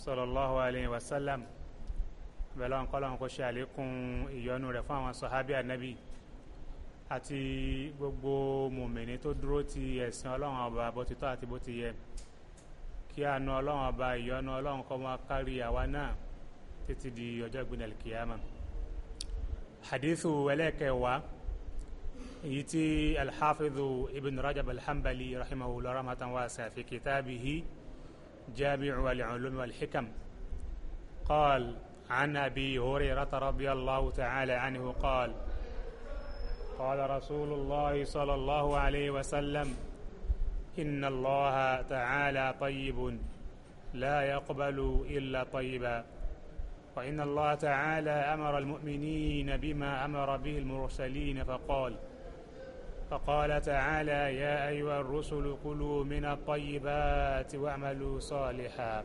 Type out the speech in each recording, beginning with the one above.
sallallahu alayhi wa sallam bẹ́ẹ̀ lọ́n kọ́lọ́n kó ṣe àlékún ìyọ́nú rẹ̀ fún àwọn sọ̀hábí ànábì àti gbogbo mùmìnì tó dúró ti ẹ̀sìn ọlọ́run ọba bó ti tọ́ àti bó ti yẹ kí àánú ọlọ́run ọba ìyọ́nú ọlọ́run kó máa kárí àwa náà títí di ọjọ́ ìgbìnà kìyàmà hadithu ẹlẹ́kẹ̀wá èyí tí alhafidhu ibn rajab alhambali rahimahullah rahmatan wa sa fi جامع العلوم والحكم قال عن أبي هريرة رضي الله تعالى عنه قال قال رسول الله صلى الله عليه وسلم إن الله تعالى طيب لا يقبل إلا طيبا وإن الله تعالى أمر المؤمنين بما أمر به المرسلين فقال فقال تعالى يا أيها الرسل كلوا من الطيبات واعملوا صالحا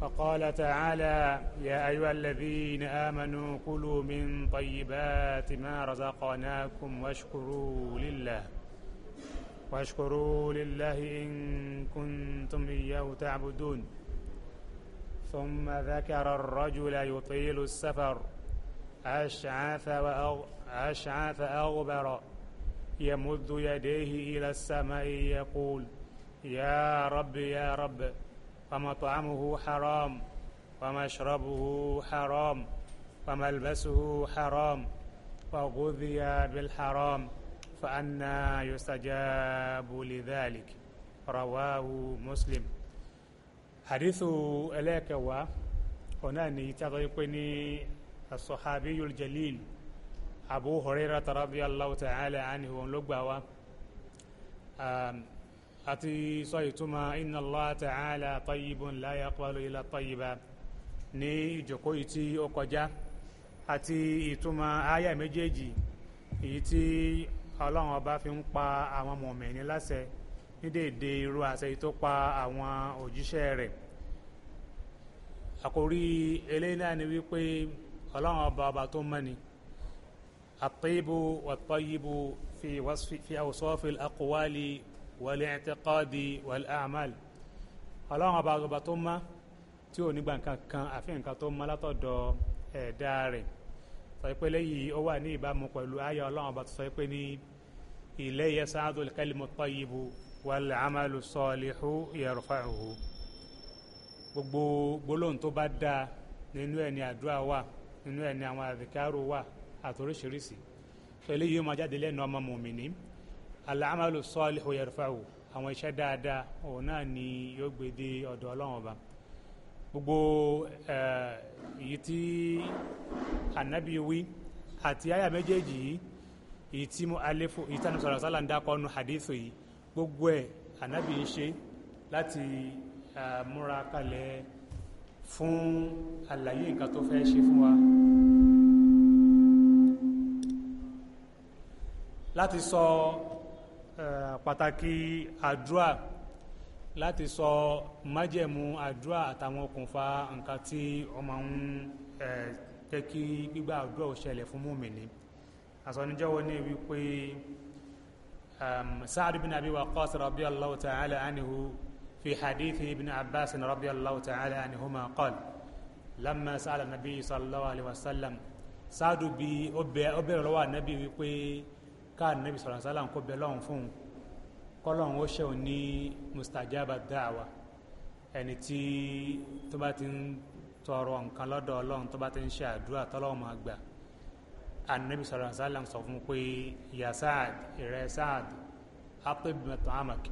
فقال تعالى يا أيها الذين آمنوا كلوا من طيبات ما رزقناكم واشكروا لله واشكروا لله إن كنتم إياه تعبدون ثم ذكر الرجل يطيل السفر أشعث, وأغ... أشعث أغبر يمد يديه إلى السماء يقول يا رب يا رب فمطعمه حرام ومشربه حرام وملبسه حرام وغذي بالحرام فأنا يستجاب لذلك رواه مسلم حديث إليك هنا نيتضيقني الصحابي الجليل abu huraira radiyallahu ta'ala anhu wọn ló gbà wá um, àti sọ ìtumọ̀ inna allah ta'ala tayyibun la yaqbalu illa tayyiba ní ìjòkó yìí tí ó kọjá àti ìtumọ̀ àyà méjèèjì èyí tí ọlọ́run ọba fi ń pa àwọn mọ̀mẹ́ni láṣẹ ní déédé irú àṣẹ pa àwọn òjíṣẹ́ rẹ̀ àkórí eléyìí ni wípé ọlọ́run ọba ọba tó mọ́ni. الطيب والطيب في وصف في أوصاف الأقوال والاعتقاد والأعمال ọlọ́run ọba ọba tó mọ́ tí ò ní gba nǹkan kan àfi nǹkan tó mọ́ látọ̀dọ̀ ẹ̀dá rẹ̀ sọ pé léyìí ó wà ní ìbámu pẹ̀lú ayé ọlọ́run ọba tó sọ pé ní ilayya yas'adul kalimut tayyibu wal amalu salihu yarfa'uhu gbogbo gbólóhùn tó bá dáa nínú ẹ̀ ní àdúrà wà nínú ẹ̀ ní àwọn àdìkárò wà àtòríṣiríṣi tó eléyìí máa jáde lẹ́nu ọmọ mùmíní al-amalu salihu yarfa'u àwọn iṣẹ́ dáadáa òun náà ni yóò gbé dé ọ̀dọ̀ ọlọ́run ọba gbogbo èyí tí anabi wí àti àyà méjèèjì yìí èyí tí mo alefo èyí tí anamsọ̀rọ̀ sálà ń dákọ́ nu hadithu yìí gbogbo ẹ̀ anabi ń ṣe láti múra kalẹ̀ fún àlàyé nǹkan tó fẹ́ ṣe fún wa láti sọ pàtàkì àdúrà láti sọ májẹ̀mú àdúrà àtàwọn okùnfà nǹkan tí ọmọ ń jẹ́ kí gbígbà àdúrà ó ṣẹlẹ̀ fún mùmìnì àsọníjọ́wọ́ ní wípé Sa'ad bin Abi Waqqas radiyallahu ta'ala anhu fi hadithi ibn Abbas radiyallahu ta'ala anhuma qal. lamma sa'ala nabi sallallahu alaihi wa sallam Sa'ad bi ó bẹ̀rẹ̀ lọ́wọ́ nabi wípé káà nẹ́bí sọ̀rọ̀ sálà ń kó bẹ lọ́hùn fún un ó ṣẹ̀wọ̀n ní mustajaba da'wa ẹni tí tó bá ti ń tọrọ nǹkan lọ́dọ̀ ọlọ́run tó bá ti ń ṣe àdúrà tọ́lọ́hùn máa gbà anabi sọ̀rọ̀ sálà ń sọ fún pé ya Saad ìrẹ́ Saad atib mat'amak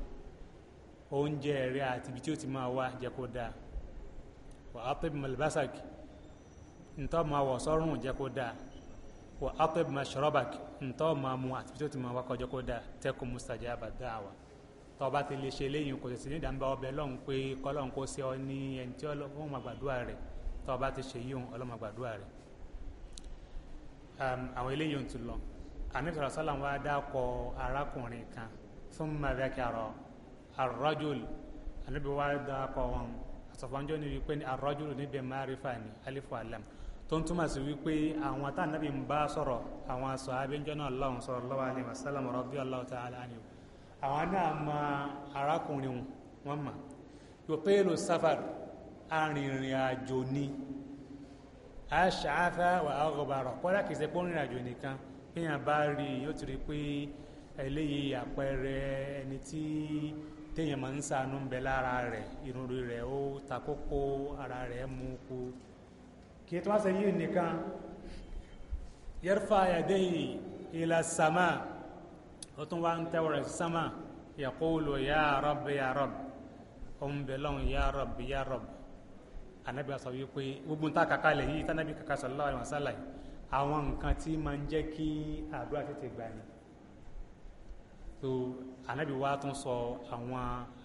oúnjẹ rẹ àti ibi tí ó ti máa wá jẹ́ kó dáa wà atib malbasak ntọ́ máa wọ̀ sọ́rùn jẹ́ kó dáa wa atib mashrabak ntọ́ máa mu àti tó ti máa wá kọjọ́ kó da tẹ́kù mustajaba da'wa tọ́ bá ti lè ṣe léyìn kò sì ní ìdàmbá ọbẹ̀ lọ́hùn pé kọ́lọ́hùn kó sí ọ ní ẹni tí ọlọ́hùn máa gbàdúrà rẹ̀ tọ́ bá ti ṣe yíhun ọlọ́hùn máa gbàdúrà rẹ̀ àwọn eléyìí tún lọ anifisara sallam wa dákọ arákùnrin kan fún mavekaro arrajul anabi wa dákọ wọn àtọ̀fọ́njọ́ ni wípé arrajul níbi marifa ni alifu alam tó ń túmọ̀ sí wípé àwọn tánàbí ń bá àwọn aṣọ abẹ́jọ́ náà lọ́hùn sallallahu alaihi wasallam radiyallahu ta'ala anhu àwọn náà mọ arákùnrin wọn mọ̀ yòpéèlò sáfàr arìnrìn àjò ni A wà á rọ̀bàrọ̀ kọ́dà kìí àjò nìkan kéèyàn bá rí i yóò ti pé eléyìí àpẹẹrẹ ẹni tí téèyàn máa ń ń bẹ ara rẹ̀ mú kì í tó wá yìí nìkan yarfa yadayhi ila sama ó tún wá ń tẹ́wọ̀rẹ̀ sama yaqulu ya rabbi ya rabbi òun bẹ̀ lọ́hùn ya rabbi ya rabbi anabi sọ wípé gbogbo ń ta kàkà lẹ̀ yìí tànàbí kàkà sallallahu alaihi wasallam àwọn nǹkan tí máa ń jẹ́ kí àdúrà tètè gbà ni so anabi wa tún sọ àwọn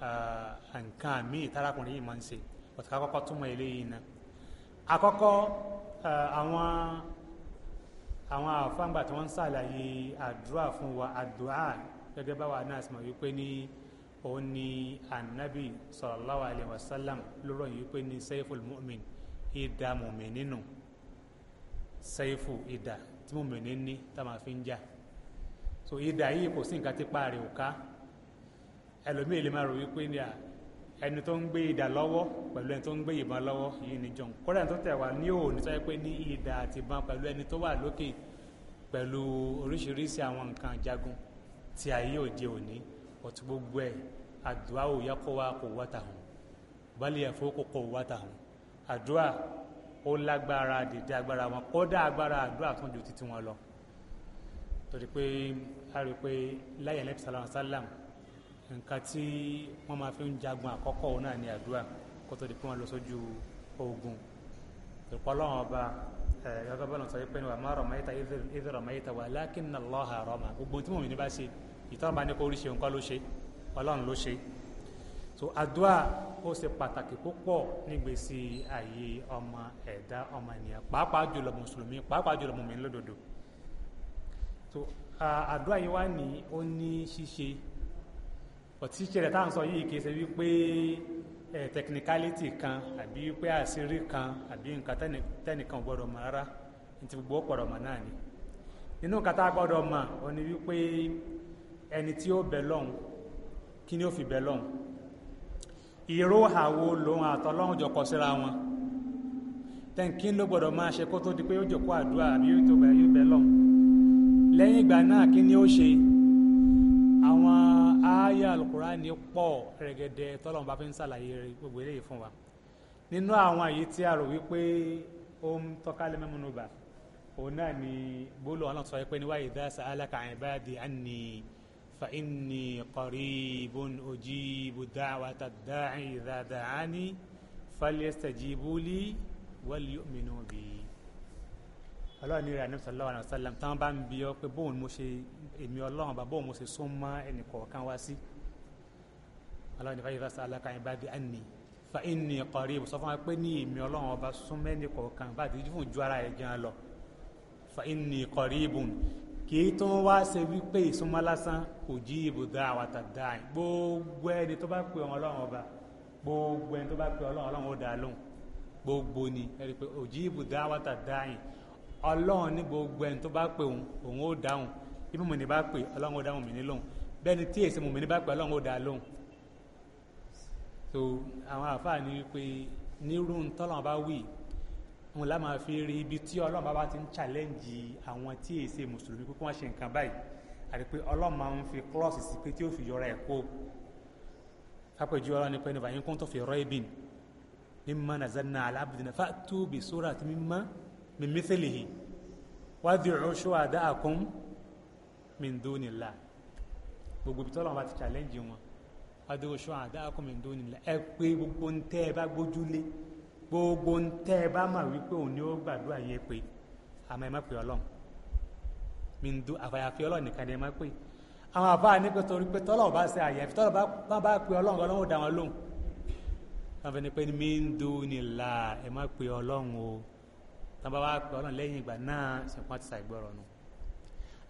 ah, nǹkan míì tárakùnrin yìí máa ń ṣe ọ̀tí kakọ́kọ́ túmọ̀ eléyìí náà àkọ́kọ́ àwọn àwọn àfáǹgbà tí wọ́n ń ṣàlàyé àdúrà fún wa àdúrà gẹ́gẹ́ báwa náà sì mọ̀ wípé ní òun ni ànábì sallallahu alaihi wasallam lóró yìí wípé ní sayful mu'min ìdá mùmìn nínú sayfu ìdá tí mùmìn ní tá máa fi ń jà so ìdá yìí kò sí nǹkan tí parí òká ẹlòmíì lè máa rò wípé ní à ẹni tó ń gbé idà lọ́wọ́ pẹ̀lú ẹni tó ń gbé ìbọn lọ́wọ́ yìí ni John kódà tó tẹ̀ wá ní òní tó yẹ pé ní idà àti ìbọn pẹ̀lú ẹni tó wà lókè pẹ̀lú oríṣiríṣi àwọn nǹkan jagun tí ayé òde òní ọ̀tún gbogbo ẹ̀ àdúrà ò yẹ kó wá kó wá tà hàn bali yẹ kó kó wá tà hàn àdúrà ó lágbára dèdè agbára wọn kódà agbára àdúrà tó ju títí wọn lọ torí pé a rí pé láyé alẹ́ bisalaam nǹkan tí wọ́n máa fi ń jagun àkọ́kọ́ òun náà ní àdúrà kó tó di pé wọ́n lọ sójú ogun ìpọ́ lọ́wọ́n ọba gẹ́gẹ́ bọ́lá sọ pé wà má ramaita idh ramaita walakinna Allaha rama gbogbo tí mòmìnir bá ṣe ìtọ́nà bá ní kó oríṣi nǹkan ló ṣe ọlọ́run ló ṣe so àdúrà ó se pàtàkì púpọ̀ nígbèsí ayé ọmọ ẹ̀dá ọmọ ènìyàn pàápàá jùlọ mùsùlùmí pàápàá jùlọ mùmí lódodo so àdúrà yìí wá ní ó ní ṣíṣe ọtíṣe rẹ̀ táwọn sọ yìí kìí ṣe wípé ẹ kan àbí wípé àṣírí kan àbí nǹkan tẹnìkan gbọ́dọ̀ mọ̀ rárá ní ti gbogbo ni nínú nǹkan tá a ní wípé ẹni tí ó bẹ fi bẹ ìró àwo lòun jọ wọn ló máa ṣe kó tó di pé ó jòkó àdúrà àbí yóò tó bẹ ìgbà náà kí àyà alukurani pọ̀ rẹ̀gẹ̀dẹ̀ tọ́lọ́mùbá fi ń ṣàlàyé gbogbo eléyìí fún wa nínú àwọn àyè tí a rò wípé ó ń tọ́kálẹ̀ mẹ́múnú bá òun náà ni bólú ọ̀nà sọ pé níwáyé idha sa'alaka ibadi anni fa inni qaribun ujibu da'wata da'i idha da'ani falyastajibuli wal yu'minu bi ọlọ́run ní rẹ̀ ànábì sallallahu alaihi wasallam tí wọ́n bá ń bi ọ́ pé bóun mo ṣe èmi ọlọ́run bá bóun mo ṣe sún mọ́ ẹnì kọ̀ọ̀kan wá sí ọlọ́run ní fàyè fásitì alákàáyé bá di àní fa inni qarib sọ fún wa pé ní èmi ọlọ́run ọba sún mẹ́ni kọ̀ọ̀kan bá ti fún ju ara ẹ̀ gan lọ fa inni qaribun kì í tún wá ṣe wípé ìsúnmọ́ lásán kò jí ibùdó àwàtà dáì ọlọ́run ní gbogbo ẹni tó bá pè òun òun ó dáhùn bí mòmìnì bá pè ọlọ́run ó dáhùn mòmìnì lóhùn bẹ́ẹ̀ ni tí èsì mòmìnì bá pè ọlọ́run ó dá lóhùn so àwọn àfáà ní wípé nírú ntọ́lọ́run bá wí òun la máa fi rí ibi tí ọlọ́run bá bá ti ń challenge àwọn tí èsì mùsùlùmí pé kí wọ́n ṣe nǹkan báyìí àti pé ọlọ́run máa ń fi klọ́ọ̀sì sí pé tí ó fi yọra ẹ̀ kó fapẹ̀jú ọlọ́run ní pé min mithlihi wad'u shuhada'akum min dunillah gbogbo ibi tọ́lọ́wọ́n bá ti challenge wọn wad'u shuhada'akum min dunillah ẹ pé gbogbo ń tẹ́ ẹ bá gbójúlé gbogbo ń tẹ́ ẹ bá mà wípé òun ni ó gbàdúrà yẹn pé àmọ́ ẹ má pè ọlọ́run min du àfàyàfi ọlọ́run nìkan ni ẹ má pè àwọn àbá ní pé torí pé tọ́lọ́wọ́n bá ṣe àyẹ̀fi tọ́lọ́wọ́n bá bá pè ọlọ́run ọlọ́run ó dá wọn lóhùn káfíńtì pé min dunillah ẹ má pè ọlọ́run o tán bá wá pẹ ọlọ́run lẹ́yìn ìgbà náà ṣùgbọ́n ti ṣàìgbọràn nù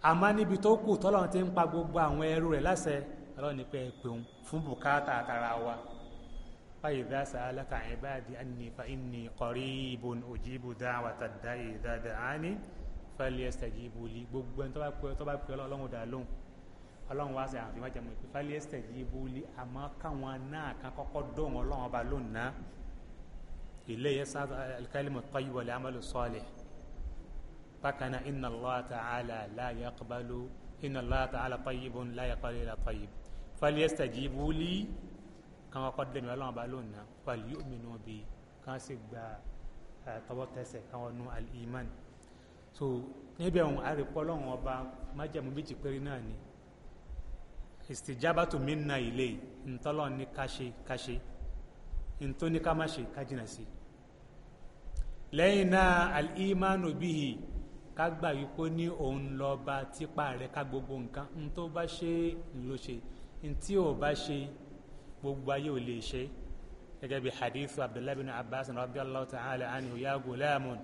àmọ́ níbi tó kù tọ́lọ́run ti ń pa gbogbo àwọn ẹrú rẹ̀ láṣẹ ọlọ́run ní pé ẹ̀pẹ̀hún fún bùkátà àtàrà wa báyìí bá sàálàkà ìbáàdì àní fa ìní kọrí ìbòn òjìbù dáwàtà dá ìdáda àní fẹ́lẹ́ ẹsẹ̀ ìbò lì gbogbo ẹni tó bá pẹ́ ọlọ́run dà lóhùn ọlọ́run wá sẹ́yìn àfihàn jẹ́mu ìpínlẹ̀ ẹsẹ̀ ìbò lì àmọ́ káwọn náà kan kọ́kọ́ dóhùn ọlọ́run ọba lónìí náà ilé yẹn sáà alikalimu tayi wàlẹ amalu sọọlẹ bákanná inna allah ta'ala la yaqbalu inna allah ta'ala tayyibun la yaqbalu illa tayyib fali yastajibu li kan kọ́kọ́ dẹmi Ọlọ́run ba lónìí na fali yu'minu bi kan sì gba tọwọ́ tẹsẹ̀ kan wọnú al-iman so níbi àwọn arìpọ́lọ́wọ́n ọba májàmú méjì péré náà ni istijabatu minna ilé ntọ́lọ́ ní ká ṣe ká ṣe ntọ́ ní ká má ṣe ká jìnnà sí i lẹ́yìn náà alìmánu bíi ká gbà wípé ní òun lọ́ba tipa rẹ̀ ká gbogbo nǹkan n tó bá ṣe ló ṣe n tí ò bá ṣe gbogbo ayé ò lè ṣe gẹ́gẹ́ bí hadithu abdullahi bin abbas radiyallahu ta'ala anhu ya gulamun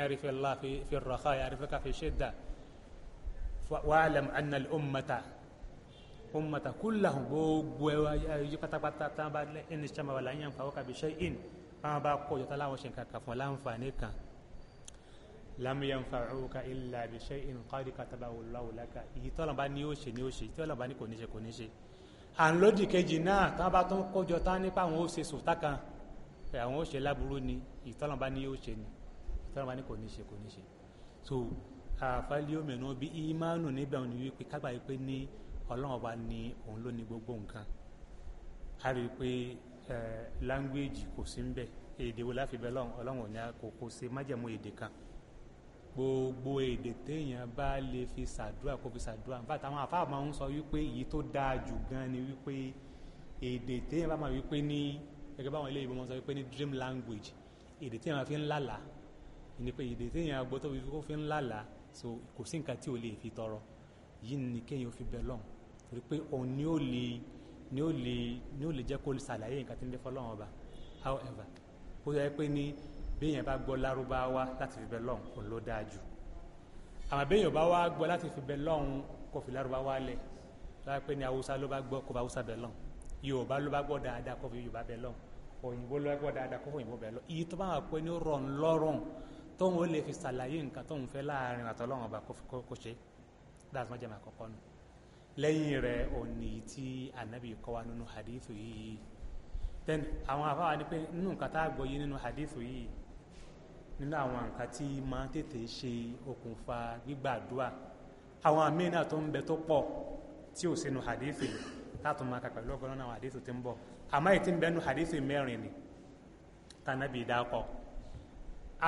arifi allah fi raha arifika fi shidda wa'lam anna al-ummata ummata kullahum gbogbo ẹwà yíká pátápátá tán bá lẹ́yìn ní sàmàwàlá yẹn fàwọ́kà bí shay'in báwọn bá kó ìjọta láwọn ṣe nǹkan kan fún ọ láǹfààní kan lam yanfa'uka illa bi shay'in qad katabahu Allahu laka èyí tọ́lọ̀ bá ní ó ṣe ní ó ṣe tọ́lọ̀ bá ní kò ní ṣe kò ní ṣe à lódì kejì náà tán bá tó ń kójọ tán nípa àwọn ó ṣe kan pé àwọn ó láburú ni èyí tọ́lọ̀ bá ní ó ṣe ni èyí tọ́lọ̀ bá ní kò ní ṣe kò ní ṣe so àfàlẹ́ òmìnira bí ìmánu níbẹ̀ òní wípé kágbà wípé ní ọlọ́run ọba ni òun ló ní gbogbo nǹkan a rí i pé language kò sí nbẹ èdè wo láfi bẹ lọ́wọ́ ọlọ́wọ́ ní àkókò ṣe májẹ̀mú èdè kan gbogbo èdè téèyàn bá lè fi ṣàdúrà kó fi ṣàdúrà nígbà táwọn àfáà máa ń sọ wípé èyí tó dáa jù gan ni wípé èdè téèyàn bá máa wípé ní gẹ́gẹ́ báwọn ilé ìbọn sọ wípé ní dream language èdè téèyàn máa fi ń lálàá ìní pé èdè téèyàn gbọ́ tó fi kó fi ń lálàá so kò sí nǹkan tí ò lè fi tọrọ yìí ni kéèyàn fi bẹ lọ́hùn torí pé òun ni ó lè ni ó lè ni ó lè jẹ́ kó ṣàlàyé nǹkan tí ń bẹ fọlọ́run ọba however ó yẹ pé ní béèyàn bá gbọ́ lárúbáwá láti fi bẹ lọ́hùn òun ló dáa jù àmọ́ béèyàn bá wá gbọ́ láti fi bẹ lọ́hùn kó fi lárúbáwá lẹ̀ láti pé ní haúsá ló bá gbọ́ kó bá haúsá bẹ lọ́hùn yorùbá ló bá gbọ́ dáadáa kó fi yorùbá bẹ lọ́hùn òyìnbó ló bá gbọ́ dáadáa kó fi òyìnbó bẹ lọ́hùn iye tó bá wà pé ní rọrùn lọ́rùn tóun ó lè fi ṣàlàyé nǹkan tóun fẹ́ láàrin àtọ́lọ́run ọba kó ṣe dáàtúmọ̀jẹ̀mọ̀ àkọ́kọ́ nù lẹ́yìn rẹ̀ òní tí anabi kọ́ wa nínú hadithu yìí then àwọn afáwa ni pé nínú nǹkan tá a gbọ́ yé nínú hadithu yìí nínú àwọn nǹkan tí máa tètè ṣe okùnfà gbígbàdúà àwọn àmì náà tó ń bẹ tó pọ̀ tí ò sínú hadithu yìí láti máa kà pẹ̀lú ọgọ́rùn náà hadithu ti ń bọ̀ àmọ́ èyí tí ń bẹnu hadithu mẹ́rin ni tànàbì dákọ̀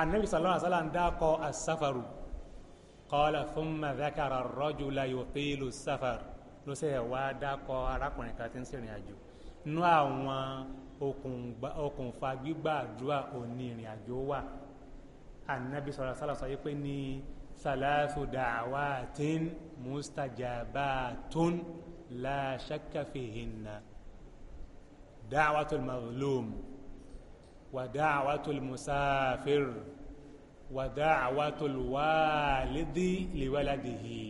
anabi sallallahu alaihi wasallam dákọ̀ asafaru qala thumma dhakara ar-rajula yutilu as-safar ló ṣe wá dákọ arákùnrin kan tí ń ṣèrìn àjò nú àwọn okùnfà gbígbàdúrà òní ìrìn àjò wà ànábì sọ̀rọ̀ sálà sọ pé ní sàlásù dàwátín mustajabatun la shakka fihinna da'watul mazlum wa da'watul musafir wa da'watul walidi liwaladihi.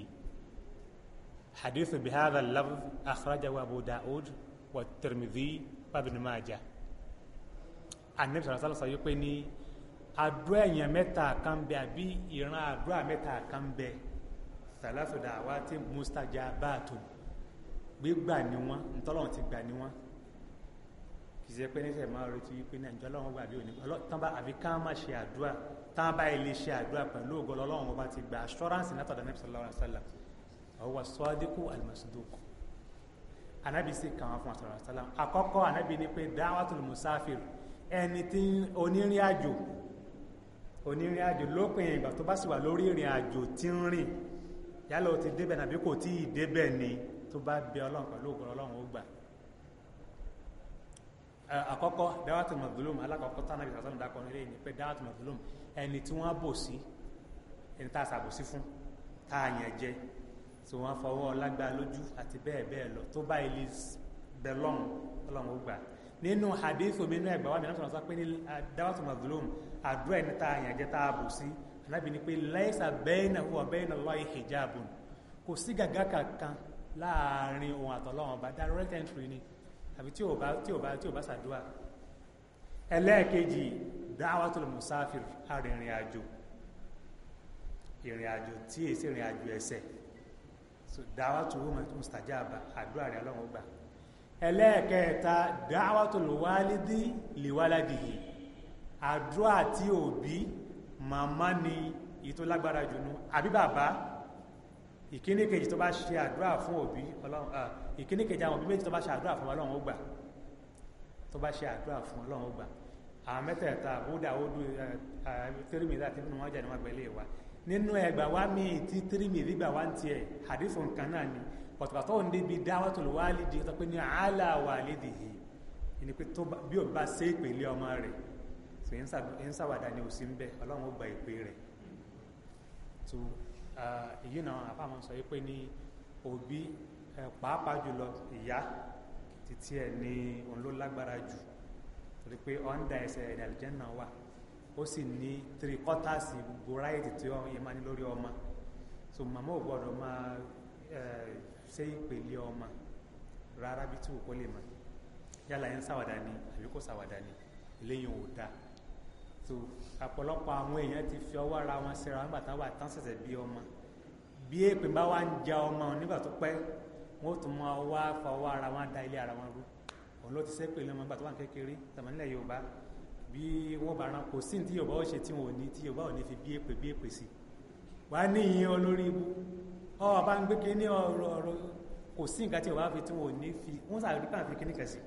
حديث بهذا اللفظ أخرجه أبو داود والترمذي وابن ماجه النبي صلى الله عليه وسلم pé ní àdúrà èèyàn mẹ́ta kan bẹ àbí ìran àdúrà mẹ́ta kan bẹ salasu da'awati mustajabatu gbígbà ni wọ́n ntọ́lọ́run ti gbà ni wọ́n kì í ṣe pé níṣẹ́ máa retí wípé ní àjọ ọlọ́run gbà bí òní tán bá àfi ká má ṣe àdúrà tán bá ilé ṣe àdúrà pẹ̀lú ògo ọlọ́run ọba ti gba assurance látọ̀dọ̀ Nabi sallallahu alaihi wasallam ọwọ́ sọ́díkù alimọ̀sídókù anabi sì kàn án fún asọ̀rọ̀ asálàm àkọ́kọ́ anabi ni pé dáwàtúlù musafir ẹni tí onírìn àjò onírìn àjò lópin ìgbà tó bá sì wà lórí ìrìn àjò tí ń rìn yálà ó ti débẹ̀ nàbí kò tí ì débẹ̀ ni tó bá bẹ ọlọ́run pẹ̀lú ògbọ́n ọlọ́run ó gbà àkọ́kọ́ dáwàtúlù mazlum alákọ̀ọ́kọ́ tánàbí sàtọ́nù dákọ̀ nílé ni pé dáwàtúlù mazlum ẹni tí wọ́n bò sí ẹni tá a ṣàbòsí fún tá a yàn jẹ so wọ́n fọwọ́ lágbá lójú àti bẹ́ẹ̀ bẹ́ẹ̀ lọ tó bá ilé bẹ̀lọ́n ọlọ́run ó gbà nínú hadith omi inú ẹgbàá wa mi náà sọ̀rọ̀ sọ pé ní ah, dáwàtò mazlum àdúrà ẹni tá a yàn jẹ́ tá a bù sí anábì ni pé laisa bainahu wa baina Allahi hijabun kò sí gàgá kankan láàrin òun àtọlọ́run ọba direct entry ni àbí tí ò bá tí ò bá tí ò bá ṣàdúrà ẹlẹ́ẹ̀kejì dáwàtul musafir arìnrìn àjò ìrìn àjò tí èsì ìrìn àjò ẹsẹ̀ so da'watul mustajaba àdúrà rẹ̀ ọlọ́run gbà ẹlẹ́ẹ̀kẹta da'watul walidi liwaladihi àdúrà tí òbí màmá ni ìtò lágbára jùnú àbí bàbá ìkíní kejì tó bá ṣe àdúrà fún òbí ọlọ́run ìkíní kejì àwọn òbí méjì tó bá ṣe àdúrà fún ọlọ́run ó tó bá ṣe àdúrà fún ọlọ́run ó àwọn mẹ́tẹ̀ẹ̀ta àbúdà ó dúró tẹ́rìmìlá tí nínú wọn jẹ́ wọn gbẹ̀lẹ́ wa nínú ẹgbà wá míì tí tírímìdì gbà wá ń tiẹ̀ hadith nǹkan náà ni pọ̀tùpàtọ́ ń débi dáwọ́tul wálidi tó pé ní àálà wàlídìhì ìní pé tó bí òun bá ṣe ìpèlè ọmọ rẹ̀ tó ń sàwádà ni òsì ń bẹ ọlọ́run ó gba ìpè rẹ̀ tó èyí náà àfàmọ́ sọ pé ní òbí pàápàá jùlọ ìyá títí ẹ̀ ní òun ló lágbára jù torí pé ọ̀ ń da ẹsẹ̀ ìdàlùjẹ́ náà wà ó sì ní three quarters gbogbo ráìtì tí ó yẹ máa ní lórí ọmọ so màmá ò gbọdọ̀ máa ṣe ìpele ọmọ rárá bí tí òkú lè mọ yálà yẹn ṣàwàdà ni àbí kò ṣàwàdà ni eléyìí ò dáa so àpọ̀lọpọ̀ àwọn èèyàn ti fi ọwọ́ ara wọn síra nígbà táwọn àtàn ṣẹ̀ṣẹ̀ bí ọmọ bí èpè bá wá ń ja ọmọ nígbà tó pẹ́ wọn ó tún mọ wá fọwọ́ ara wọn da ilé ara wọn rú òun ló ti ṣépè lọ́mọ nígbà wà kékeré tàmí nílẹ̀ Yorùbá bí wọ́n bá ran kò sí ní tí yorùbá ó ṣe tí wọn ò ní tí yorùbá ò ní fi bí èpè bí èpè sí wà á ní ìyẹn olórí ibú ọba ń gbé kíní ọ̀rọ̀ ọ̀rọ̀ kò sí nǹkan tí yorùbá fi tí wọn ò ní fi wọ́n sàrí pàǹfì kíní kẹsì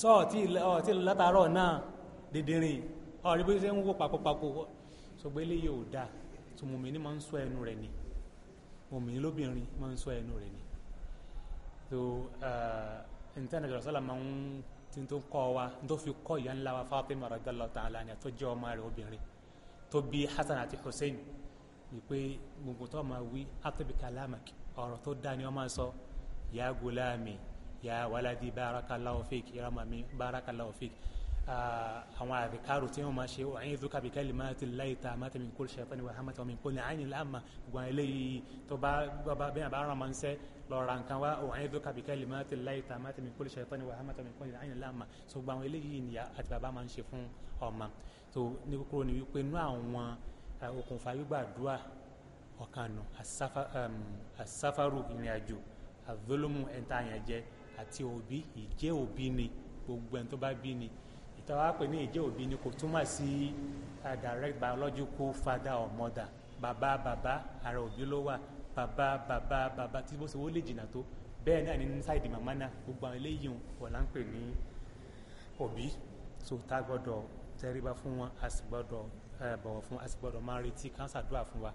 sọ ọtí látàárọ̀ náà dèdèrìn ọ̀rí bó ṣe ń wó papòpapò sọgbẹ́ eléyìí ò dáa tó mùmíní máa ń sọ ẹnu rẹ̀ ni mùmíní lóbìnrin máa ń sọ ẹnu rẹ̀ ni uh, tó ntẹ́nìkàlọ́sọ́là máa ń tí n tó kọ́ wa n tó fi kọ́ ìyá ńlá wa Fatima radiyallahu ta'ala anha tó jẹ́ ọmọ rẹ̀ obìnrin tó bí Hasan àti Hussein wípé gbogbo tó máa wí atbi kalamak ọ̀rọ̀ tó dá ni wọ́n máa sọ ya gulami ya waladi barakallahu fik ya mami barakallahu fik àwọn àdìkárò tí wọ́n máa ṣe u'idhuka bi kalimatillahi tammati min kulli shaytanin wa hammatin wa min kulli 'ainin lamma gbọ̀n eléyìí tó bá bẹ́ẹ̀ bá rán máa ń sẹ́ lọ́ra nǹkan wá òun àyè dókà bíkẹ́ lè máa ti láyé tá a máa ti mi kúlẹ̀ ṣẹ̀tọ́ ni wàá máa tọ́ mi kúlẹ̀ àyìn láàmà so gbogbo àwọn eléyìí ni àti bàbá máa ń ṣe fún ọmọ tó ní kúkúrò ni wípé inú àwọn okùnfà gbígbàdúrà ọ̀kanù àsáfàrù ìrìnàjò àdólómù ẹ̀ntàyànjẹ àti òbí ìjẹ́ òbí ni gbogbo ẹni bá bí ni ìtàn wa pè ní ìjẹ́ òbí ni kò túmọ̀ sí direct biological father or mother bàbá bàbá ara òbí ló wà bàbá bàbá bàbá tí bó ṣe wó lè jìnnà tó bẹ́ẹ̀ náà ní ṣáìdì màmá náà gbogbo àwọn eléyìí wọn là ń pè ní òbí so tá a gbọ́dọ̀ tẹríba fún wọn a sì gbọ́dọ̀ bọ̀wọ̀ fún a sì gbọ́dọ̀ máa retí káńsà dúà fún wa.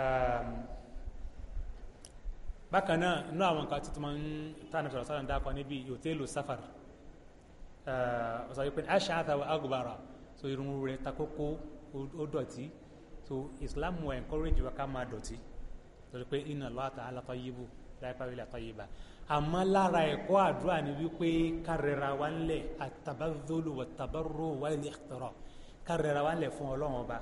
Ehm, bákan náà inú àwọn nǹkan tuntun máa ń tànà sọ̀rọ̀ sọ̀rọ̀ ń dákọ̀ níbi òtẹ́ẹ̀lì sáfàr ọ̀sán yìí pé aṣááta agùbàrà so irun rẹ̀ takókó ó dọ̀tí so islam wọ encourage wa ká máa dọ̀tí torí pé inna Allah ta'ala tayyibu la yuqabbilu tayyiba àmọ́ lára ẹ̀kọ́ àdúrà ni wípé kárẹ̀ra wa ń lẹ̀ àtàbádọ́lù wà tàbárò wà ní ìtọ̀rọ̀ kárẹ̀ra wa ń lẹ̀ fún ọlọ́run ọba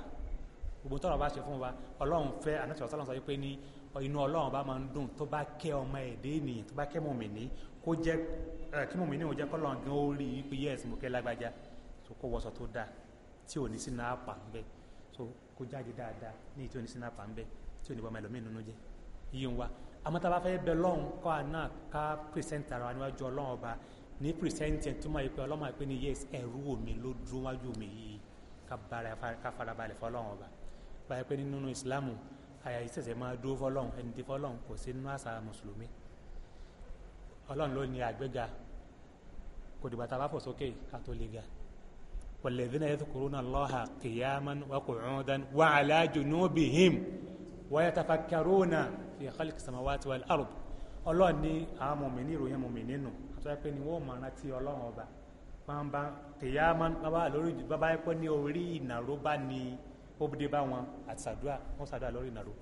gbogbo tọ́rọ̀ bá ṣe fún wa ọlọ́run fẹ́ anáṣọ sọ́lọ́n sọ wípé ní inú ọlọ́run bá máa ń dùn tó bá kẹ́ ọmọ ẹ̀dẹ́ ènìyàn tó bá kẹ́ mọ̀mìnì kó jẹ́ kí mọ̀mìnì ò jẹ́ kọ́lọ́run gan ó rí wípé yẹ́ẹ̀sì mo kẹ́ lágbájá tó kó wọṣọ tó dáa tí ò ní sínú àpà ń kó jáde dáadáa ní ìtí oní sinapa ń bẹ tí oní bọ́mọ ẹlòmíì nínú jẹ yíyún wa àmọ́ tá a bá fẹ́ bẹ lọ́hùn kọ́ àná ká pírísẹ́ǹtì ara wa níwájú ọlọ́run ọba ní pírísẹ́ǹtì tó máa yẹ pé ọlọ́mọ àìpé ni yes ẹ̀rú omi ló dúró wájú mi yìí ká farabalẹ̀ fọlọ́run ọba báyìí pé nínú ìsìlámù àyà ìṣẹ̀ṣẹ̀ máa dúró fọlọ́run ẹni tí fọlọ́run kò sí nínú àṣà mùsùlùmí ọlọ́run ló ní àgbéga kò dìgbà tá a bá fò sókè ká tó le ga والذين يذكرون الله قياما وقعودا وعلى جنوبهم ويتفكرون في خلق السماوات والأرض ọlọ́run ní àwọn mọ̀mìnì ìròyìn mọ̀mìnì nù àtọ́jú pé ni wọ́n máa rántí ọlọ́run ọba pàǹbà tèyá bàbá lórí bàbá pẹ́ ní orí ìnàró bá ní óbúdé bá wọn àti sàdúrà wọ́n sàdúrà lórí ìnàró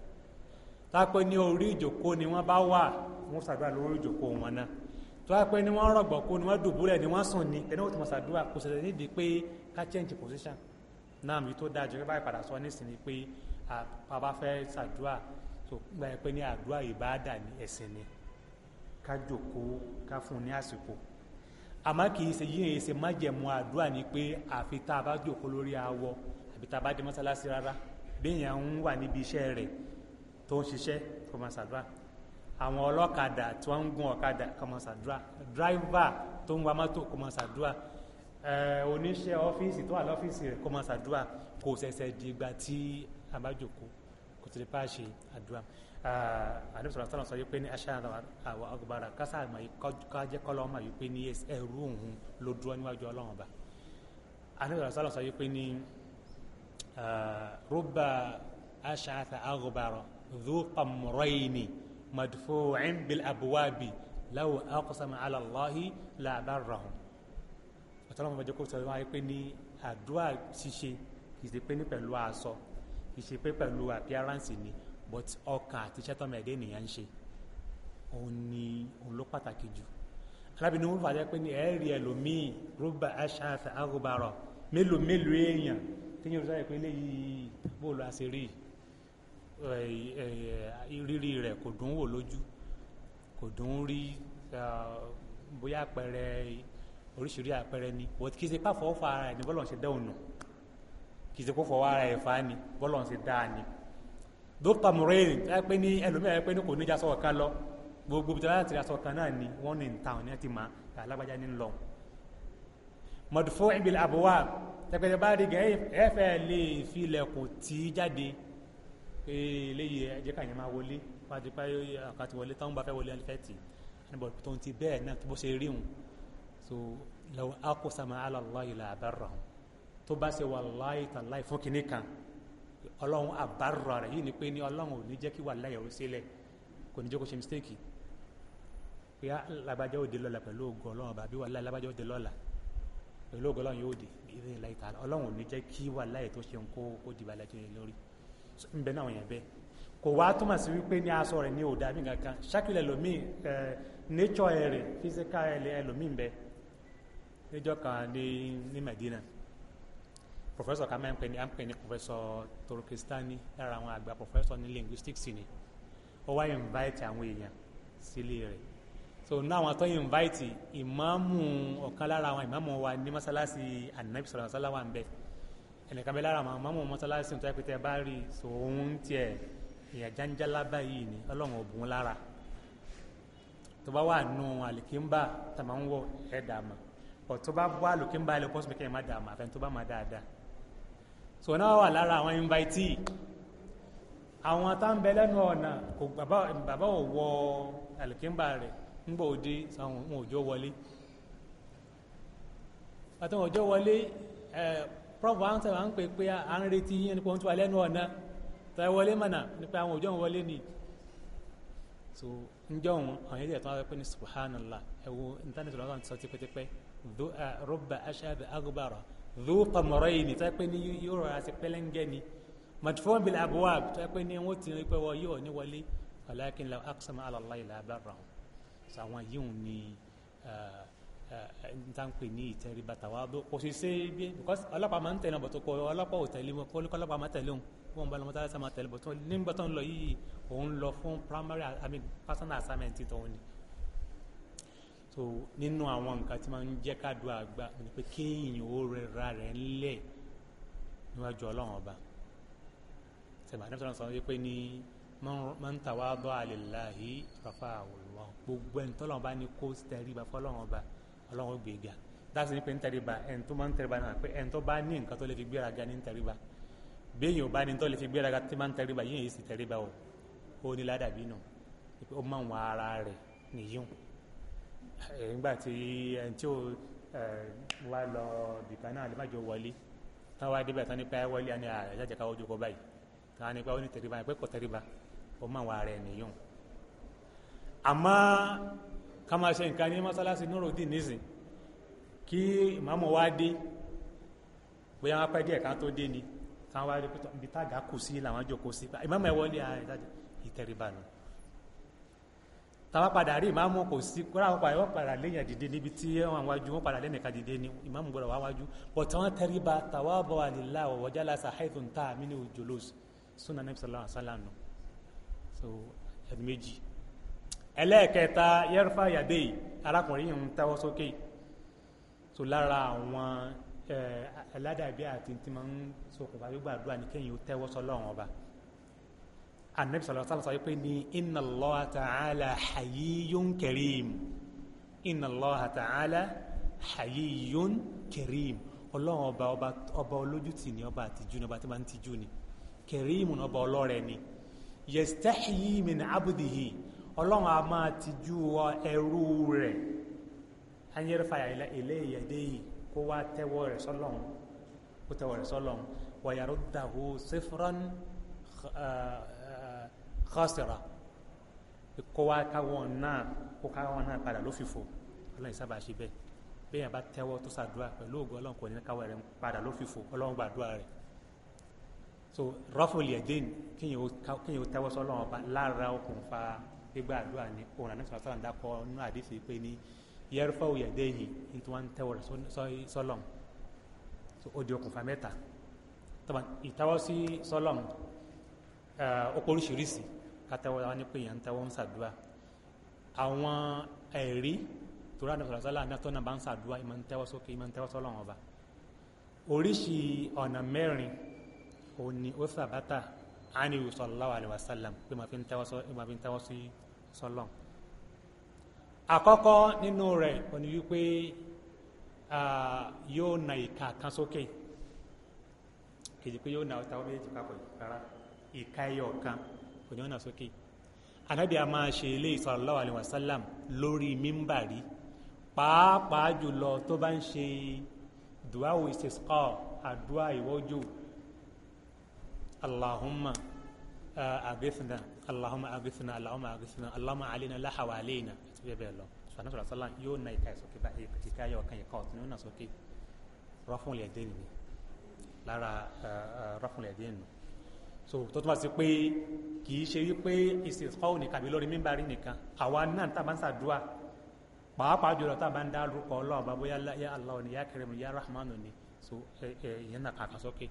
tápẹ́ ní orí ìjòkó ni wọ́n bá wà wọ́n sàdúrà lórí ìjòkó wọn náà tápẹ́ ní wọ́n rọ̀gbọ̀kó ni wọ́n dùbúlẹ̀ ni wọ́n sùn ni ẹni wọ́n ti mọ̀ sàdúrà kò sẹ̀sẹ̀ nídìí pé ká change position náà mi tó dájú pé báyìí padà sọ nísìnyí pé àbá fẹ́ ṣàdúrà tó gbà pé ní àdúrà ìbáàdà ní ẹ̀sìn ni ká jòkóó ká fún un ní àsìkò àmọ́ kì í ṣe yíyan ṣe májẹ̀mú àdúrà ni pé àfi tá a bá jòkóó lórí awọ àbí tá a bá dé mọ́sálásí rárá béèyàn ń wà níbi iṣẹ́ rẹ̀ tó ń ṣiṣẹ́ kó máa ṣàdúrà àwọn ọlọ́kadà tí wọ́n ń gun ọ̀kadà kó máa ṣàdúrà dráìvà tó ń wa mọ́tò kó máa ṣàdúrà oníṣẹ́ ọ́fíìsì tó wà lọ́fíìsì rẹ̀ kó máa ṣàdúrà kò ṣẹ̀ṣẹ̀ di ìgbà tí a bá jòkó kò tó lè bá ṣe àdúrà àdébùsọ̀rọ̀ sọ̀rọ̀ sọ wípé ní aṣáájú àwọn ọgbàrà kásá àmọ́ kájẹ́ kọ́lọ́ ọmọ wípé ní ẹrú òun ló dúró níwájú ọlọ́run ọba àdébùsọ̀rọ̀ sọ̀rọ̀ sọ wípé ní rúbà aṣáájú àgùbàrọ̀ dùkọ̀mùrọ̀yìnì madfu'in bil abwabi law aqsama ala Allahi tọ́lọ́mọ mẹ́jọ kó sọ wáyé pé ní àdúrà ṣíṣe kì í ṣe pé ní pẹ̀lú aṣọ kì í ṣe pé pẹ̀lú appearance ni but ọkàn àti iṣẹ́ tọ́mọ ẹ̀dẹ́ ènìyàn ń ṣe òun ni òun ló pàtàkì jù arábìnrin wọn fàájẹ pé ní ẹ̀ẹ́rì ẹlòmíì rúbà aṣááfẹ́ àgùbàrọ̀ mélòó mélòó èèyàn téèyàn ló sáré pé léyìí bóòlù àṣírí rírí rẹ̀ kò dùn wò lójú kò dùn rí bóyá pẹ̀rẹ̀ oríṣiríṣi àpẹẹrẹ ni but kì í ṣe pàfọ́ fọ ara ẹ̀ ní bọ́lọ̀ ń ṣe dẹ́hùn nù kì í ṣe kó fọwọ́ ara ẹ̀ fà á ni bọ́lọ̀ ń ṣe dáa ni dókítà mùrẹ́rìn tí pé ní ẹlòmíràn pé ní kò níjà sọ̀rọ̀ kan lọ gbogbo ibi tí wọ́n ti ra sọ̀rọ̀ kan náà ni wọ́n ní ta òní àti máa kà alágbájá ní lọ. mọ̀dùfọ́ ìbílẹ̀ àbúwá tẹ̀pẹ̀tẹ̀ bá rí gẹ̀ẹ́ ẹ̀fẹ̀ lè fi ilẹ̀kùn tí jáde pé léyìí ẹ̀jẹ̀ kà yẹn máa wọlé wájú pé àkàtì wọlé táwọn bá fẹ́ wọlé alifẹ́ tì so law aqsama ala Allahi la abarrahum tó bá ṣe wallahi tallahi fún kinní kan ọlọ́run àbárọ̀ rẹ̀ yìí ni pé ní ọlọ́run ò ní jẹ́ kí wallahi ó sílẹ̀ kò ní jẹ́ kó ṣe mistake pé lágbájá òde lọ́la pẹ̀lú ògùn ọlọ́run ọba bí wallahi lágbájá òde lọ́la pẹ̀lú ògùn ọlọ́run yóò dé ìdí ìlà ìta ọlọ́run ò ní jẹ́ kí wallahi tó ṣe ń kó ó di balẹ̀ tó yẹ lórí ń bẹ náà yẹn bẹ́ẹ̀ kò wá túmọ̀ sí wípé ní aṣọ rẹ̀ ní òdà bí nǹkan kan ṣákìlẹ̀ ẹlòmíì nature rẹ̀ physical ẹlòmíì bẹ́ẹ̀ níjọ́ kan ní ní Medina professor kan máa ń pè ní professor Torokistani lára àwọn àgbà professor ní linguistics ni ó wá invite àwọn èèyàn sílé rẹ̀ so náà àwọn tó invite ìmáàmù ọ̀kan lára àwọn ìmáàmù wa ní mọ́sálásí anabi sọ̀rọ̀ sọ́lá wa ń bẹ ẹnìkan bẹ lára àwọn ìmáàmù mọ́sálásí tó yẹ pé tẹ bá rí so òun tiẹ̀ ìyà jáńjálá báyìí ni ọlọ́run òbùn lára tó bá wà nù àlìkínbà tá ẹ̀dá mọ́ but tó bá wà lókè ń bá ilé pọ́sùn kẹ́yìn má dà mà àfẹn tó bá má dáadáa so náà wà lára àwọn invitee àwọn tá ń bẹ lẹ́nu ọ̀nà kò bàbá ò wọ àlùkìńbà rẹ̀ ńgbà òde àwọn ohun òjò wọlé àti òjò wọlé ẹ prof answer à ń pè pé à ń retí yín nípa ohun tó wà lẹ́nu ọ̀nà tó ẹ wọlé mọ̀nà nípa àwọn òjò wọlé ni so ń jọ òun àwọn yẹn tí ẹ̀ tó wá pé ní subhanallah ẹ wo internet lọ́wọ́ ti sọ tipẹ́tipẹ́. Eh, rubba ashab agbara dhu tamrayn tó pé ní yóò rọra sí pẹ́lẹ́ngẹ́ ni madfun bil abwab tó pé ní wọ́n ti rí pé wọ́n yóò ní wọlé walakin law aqsama ala Allahi la barrahum sàwọn yìí ni eh, eh, n tan pè ní ìtẹríba tawadu kò sì ṣe bí because ọlọ́pàá máa ń tẹ̀lé ọ̀bọ̀ tó kọ ọlọ́pàá ò tẹ̀lé wọn kọ́lé kọ́lọ́pàá máa tẹ̀lé wọn wọn bá lọ́mọdé àti àmà tẹ̀lé bọ̀ tó nígbà tó ń lọ yìí òun lọ fún primary I mean personal assignment tó ń ní so nínú àwọn nǹkan tí máa ń jẹ́ kádùá àgbà ni pé kéèyàn ó rẹra rẹ̀ ńlẹ̀ níwájú ọlọ́run ọba sẹ̀bà ní sọ̀rọ̀ sọ̀rọ̀ pé ní máa ń tàwa bọ́ àlèláhi rafa àwòrán gbogbo ẹni tọ́lọ́run bá ní kó tẹríba fọlọ́run ọba ọlọ́run gbèga dáàsì ní pé ń ba ẹni tó máa ń tẹríba náà pé ẹni tó bá ní nǹkan tó lè fi gbéraga ní ń tẹríba béèyàn ò bá ní tó lè fi gbéraga tí máa ń tẹríba yíyàn yìí sì tẹríba o ó ní ládàbí nù ó máa ń wọ ara rẹ̀ nìyíùn nígbà tí ẹni tí ó wá lọ bìkan náà lè má jọ wọlé táwa débẹ̀ tán nípa ẹ wọlé àní ààrẹ jáde káwọ́ ojú kọ báyìí táwa nípa ó ní tẹríba ẹ̀pẹ́ kọ tẹríba ó máa wà rẹ̀ nìyóò àmọ́ ká máa ṣe nǹkan ní mọ́sálásí nurudin nísìn kí ìmáàmù wa dé bóyá wọn pẹ́ díẹ̀ tó dé ni táwa rí pé ibi táàgà kù sí làwọn jókòó sí ìmáàmù ẹ wọlé ààrẹ jáde ìtẹríba nù táwa padà rí ìmáàmù kò sí kóra wọn padà wọn padà léyìn dìde níbi tí wọn wájú wọn padà lẹ́nìkan dìde ní ìmáàmù gbọdọ̀ wá wájú bọ̀tán wọn tẹríba tàwa bọ̀ wà nílá ọ̀wọ́jà lásà haithun tá àmì sunna nabi sallallahu alaihi wasallam so ẹni méjì ẹlẹ́ẹ̀kẹta yẹrfa yàdé arákùnrin yìí ń tẹ́wọ́ sókè so lára àwọn ẹ̀ẹ́dàbí eh, àti tí máa ń sokùnfà gbogbo àdúrà ní kẹ́yìn ó tẹ́wọ́ sọ́lọ́run ọba anabi sallallahu alaihi wasallam sọ pé ní inna allah ta'ala hayyun karim inna allah ta'ala hayyun karim ọlọ́run ọba ọba olójútì ni ọba àtijú ni ọba tí máa ń tijú ni karim ni ọba ọlọ́rẹ̀ ni yastahyi min abdihi ọlọ́run a máa tijú ẹrú rẹ̀ anyẹ́rẹ́fà ilé ìyàdé yìí kó wá tẹ́wọ́ rẹ̀ sọ́lọ́run kó tẹ́wọ́ rẹ̀ sọ́lọ́run wàyàrá dàhó sefran khasira kó wá káwọn náà kó káwọn náà padà ló fìfo ọlọ́run sábà ṣe bẹ́ẹ̀ bẹ́ẹ̀ bá tẹ́wọ́ tó ṣàdúrà pẹ̀lú ògo ọlọ́run kò ní káwọn rẹ̀ padà ló fìfo ọlọ́run gbàdúrà rẹ̀ so rọ́fòlì ẹ̀dín kíyìn ó tẹ́wọ́ sọ́lọ́run ọba lára okùnfà gbígbà àdúrà ní òun àná sọ̀rọ̀ sọ̀rọ̀ dákọ̀ nínú àdìsí pé ní yẹrùfọ́ òyẹ̀dẹ́yìn ní tí wọ́n ń tẹ́wọ́ rẹ̀ sọ́lọ́run ó di okùnfà mẹ́ta ìtawọ́ sí sọ́lọ́run kátẹ́wọ́lá wọn ní pé èèyàn ń tẹ́wọ́ ń sàdúrà àwọn ẹ̀rí tó rà nàìjíríà sọ́lá náà tó náà bá ń sàdúrà ìmọ̀ ń tẹ́wọ́ sókè ìmọ̀ ń tẹ́wọ́ sọ́lọ́ wọn bá oríṣi ọ̀nà mẹ́rin òní ó sàbátà ánìwò sallallahu alaihi pé màá fi ń tẹ́wọ́ sí sọ́lọ́ àkọ́kọ́ nínú rẹ̀ òní wípé yóò na ìka kan sókè kejì yóò na ọ̀tá méjì papọ̀ rárá ìka ẹyọ kan kò ní ọ̀nà sókè anabi a máa ṣe eléyìí sallallahu alayhi wa sallam lórí mímbàrí pàápàá jùlọ tó bá ń ṣe duawo istisqa àdúrà ìwọ́jò allahumma aghithna allahumma aghithna allahumma aghithna allahumma alina la hawalina àti bẹ́ẹ̀ bẹ́ẹ̀ lọ sọ̀rọ̀ sọ̀rọ̀ sọ́lá yóò na ìka ìsọ̀kè bá ìka ayọ̀ kan ìka ọ̀tún yóò na sókè rọ́fúnlẹ̀ dẹ́nu lára rọ́fúnlẹ̀ dẹ́nu so tó túmọ̀ sí pé kì í ṣe wípé ìsìnkọ́ òní kàbí lórí mímbàrí nìkan àwa náà tá a bá ń ṣàdúrà pàápàá jùlọ tá a bá ń dá ọlọ́run bá bóyá yá Allah ni yá Karim yá Rahman ni so ìyẹn náà kàkà sókè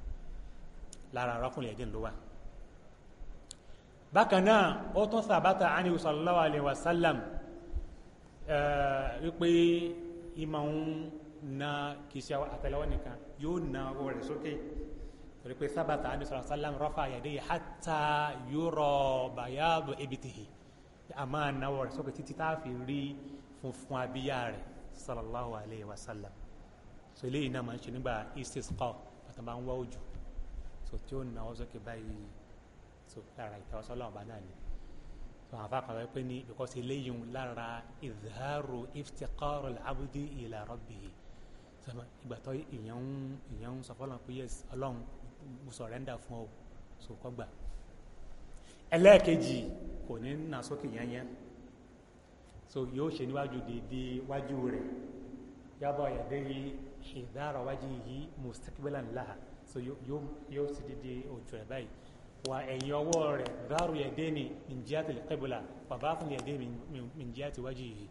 lára arákùnrin ẹ̀dín ló wà. bákan náà ó tún sàbátà àní sallallahu alaihi wasallam wípé ìmọ̀ ń na kìí ṣe nìkan yóò na ọwọ́ rẹ̀ sókè. Okay torí pé sábàtà àmì sọ̀rọ̀ sálàm rọ́fà àyàdé yìí hátà yúrọ̀ bàyáàdù ebìtìhì a máa náwó rẹ̀ sókè títí tá a fi rí funfun abíyá rẹ̀ sallallahu alayhi wa sallam so eléyìí náà máa ń ṣe nígbà istisqa bàtà máa ń wá òjò so tí ó náwó sókè báyìí so lára ìtawọ́sọ́lá ọba náà ni so àwọn afáàkàn wáyé pé ní because eléyìí lára ìdáàrò iftiqaru al-abdi ila ìgbà tó ìyẹn ń sọ fọlọ́n pé yes ọlọ́run sọ̀rẹ́ndà fún ọ sòkọ́ gbà ẹlẹ́ẹ̀kejì kò ní nà sókè yányán so yóò ṣe níwájú dèédé wájú rẹ̀ yábọ̀ ẹ̀dẹ́ yìí ìdára wájú yìí mustaqbilan laha so yóò sì dèédé òjò ẹ̀ báyìí wa ẹ̀yìn ọwọ́ rẹ̀ dáàrú ẹ̀dẹ́ ni min jihati al-qibla wa bathun ẹ̀dẹ́ min jihati wajhihi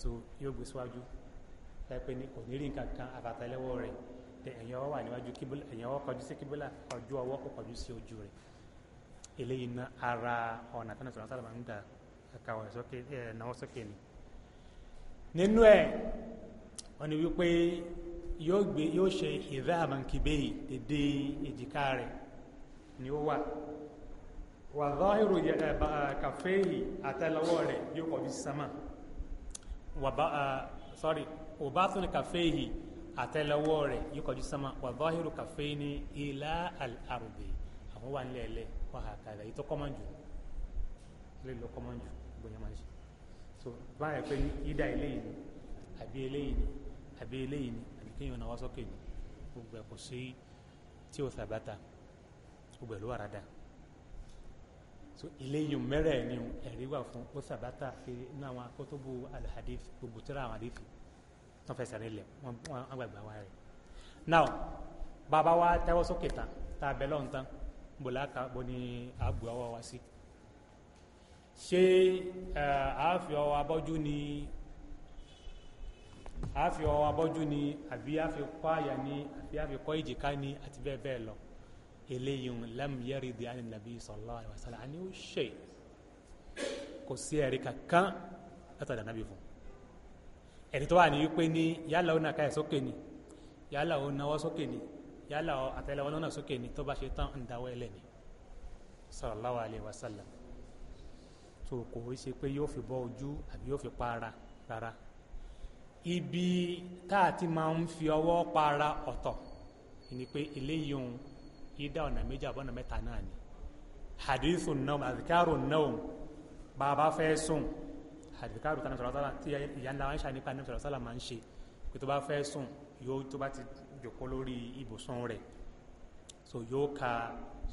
so yóò gbé síwájú láìpẹ́ ní kò ní rí nǹkan kan àbàtàlẹ́wọ́ rẹ̀ pé ẹ̀yàn ọwọ́ wà níwájú kíbúlà ẹ̀yàn ọwọ́ kọjú sí kíbúlà ojú ọwọ́ kò kọjú sí ojú rẹ̀ eléyìí ná ara ọ̀nà tánà sọ̀rọ̀ sábà ń gbà kàwé sókè ẹ̀ náwó sókè ni. nínú ẹ̀ wọ́n ní wípé yóò gbé yóò ṣe ìdá àmàǹkìbéyì dédé èjìká rẹ̀ ni ó wà wà zọ́hìrù kàféyì àtẹ́lẹwọ́ rẹ̀ yóò kọjú sí sámà wà bá sorry òbá tún kàféyì àtẹ́lẹwọ́ rẹ̀ yóò kọjú sánmà wà zahiru kafayni ila al-ardi àwọn wà nílẹ̀ ẹlẹ́ wà hà kàdà yìí tó kọ́mọ̀ jù lè lọ kọ́mọ̀ jù bóyá máa ń ṣe so báyìí pé yídà eléyìí ni àbí eléyìí ni àbí eléyìí ni àbí kéèyàn náà wá sókè ni gbogbo ẹ̀ kò sí tí o sàbàtà gbogbo ẹ̀ ló wà rádà so eléyìí mẹ́rẹ̀ẹ́ ni ẹ̀rí wà fún ó sàbàtà pé náà wọn akótóbó al gbogbo tẹ́lẹ̀ àwọn hadith tó fẹsẹ̀ rìn lẹ̀ wọ́n gbàgbà wá rẹ̀ now bàbá wa tẹ́wọ́ sókè tán tá a bẹ̀ lọ́hùn tán bò láka bò ní àgbò ọwọ́ wa sí ṣé àáfi ọwọ́ abọ́jú ni àáfi ọwọ́ abọ́jú ni àbí àfi kọ́ àyà ni àbí àfi kọ́ ìjìká ni àti bẹ́ẹ̀ bẹ́ẹ̀ lọ eléyìí lam yẹ́rìndì àni nàbí sallallahu alaihi wasallam ó ṣe kò sí ẹ̀rí kankan látàdà fún ẹ̀rí tó wà ní wípé ní yálà ó nàka ẹ̀ sókè ni yálà ó nawọ́ sókè ni yálà ó àtẹlẹwọ́ lọ́nà sókè ni tó bá ṣe tán ń dáwọ́ ẹlẹ́ ni sallallahu alaihi wasallam tó kò í ṣe pé yóò fi bọ́ ojú àbí yóò fi pa rárá ibi tá a ti máa ń fi ọwọ́ pa ọ̀tọ̀ ni pé eléyìí òun yídá ọ̀nà méjì àbọ̀nà mẹ́ta náà ni hadithu naum azikaru naum bàbá fẹ́ sùn àdìkárù tánà sọ̀rọ̀ sálà tí ìyá ńlá wọn ṣànípa ní sọ̀rọ̀ sálà máa ń ṣe pé tó bá fẹ́ sùn yóò tó bá ti jòkó lórí ibùsùn rẹ̀ so yóò ka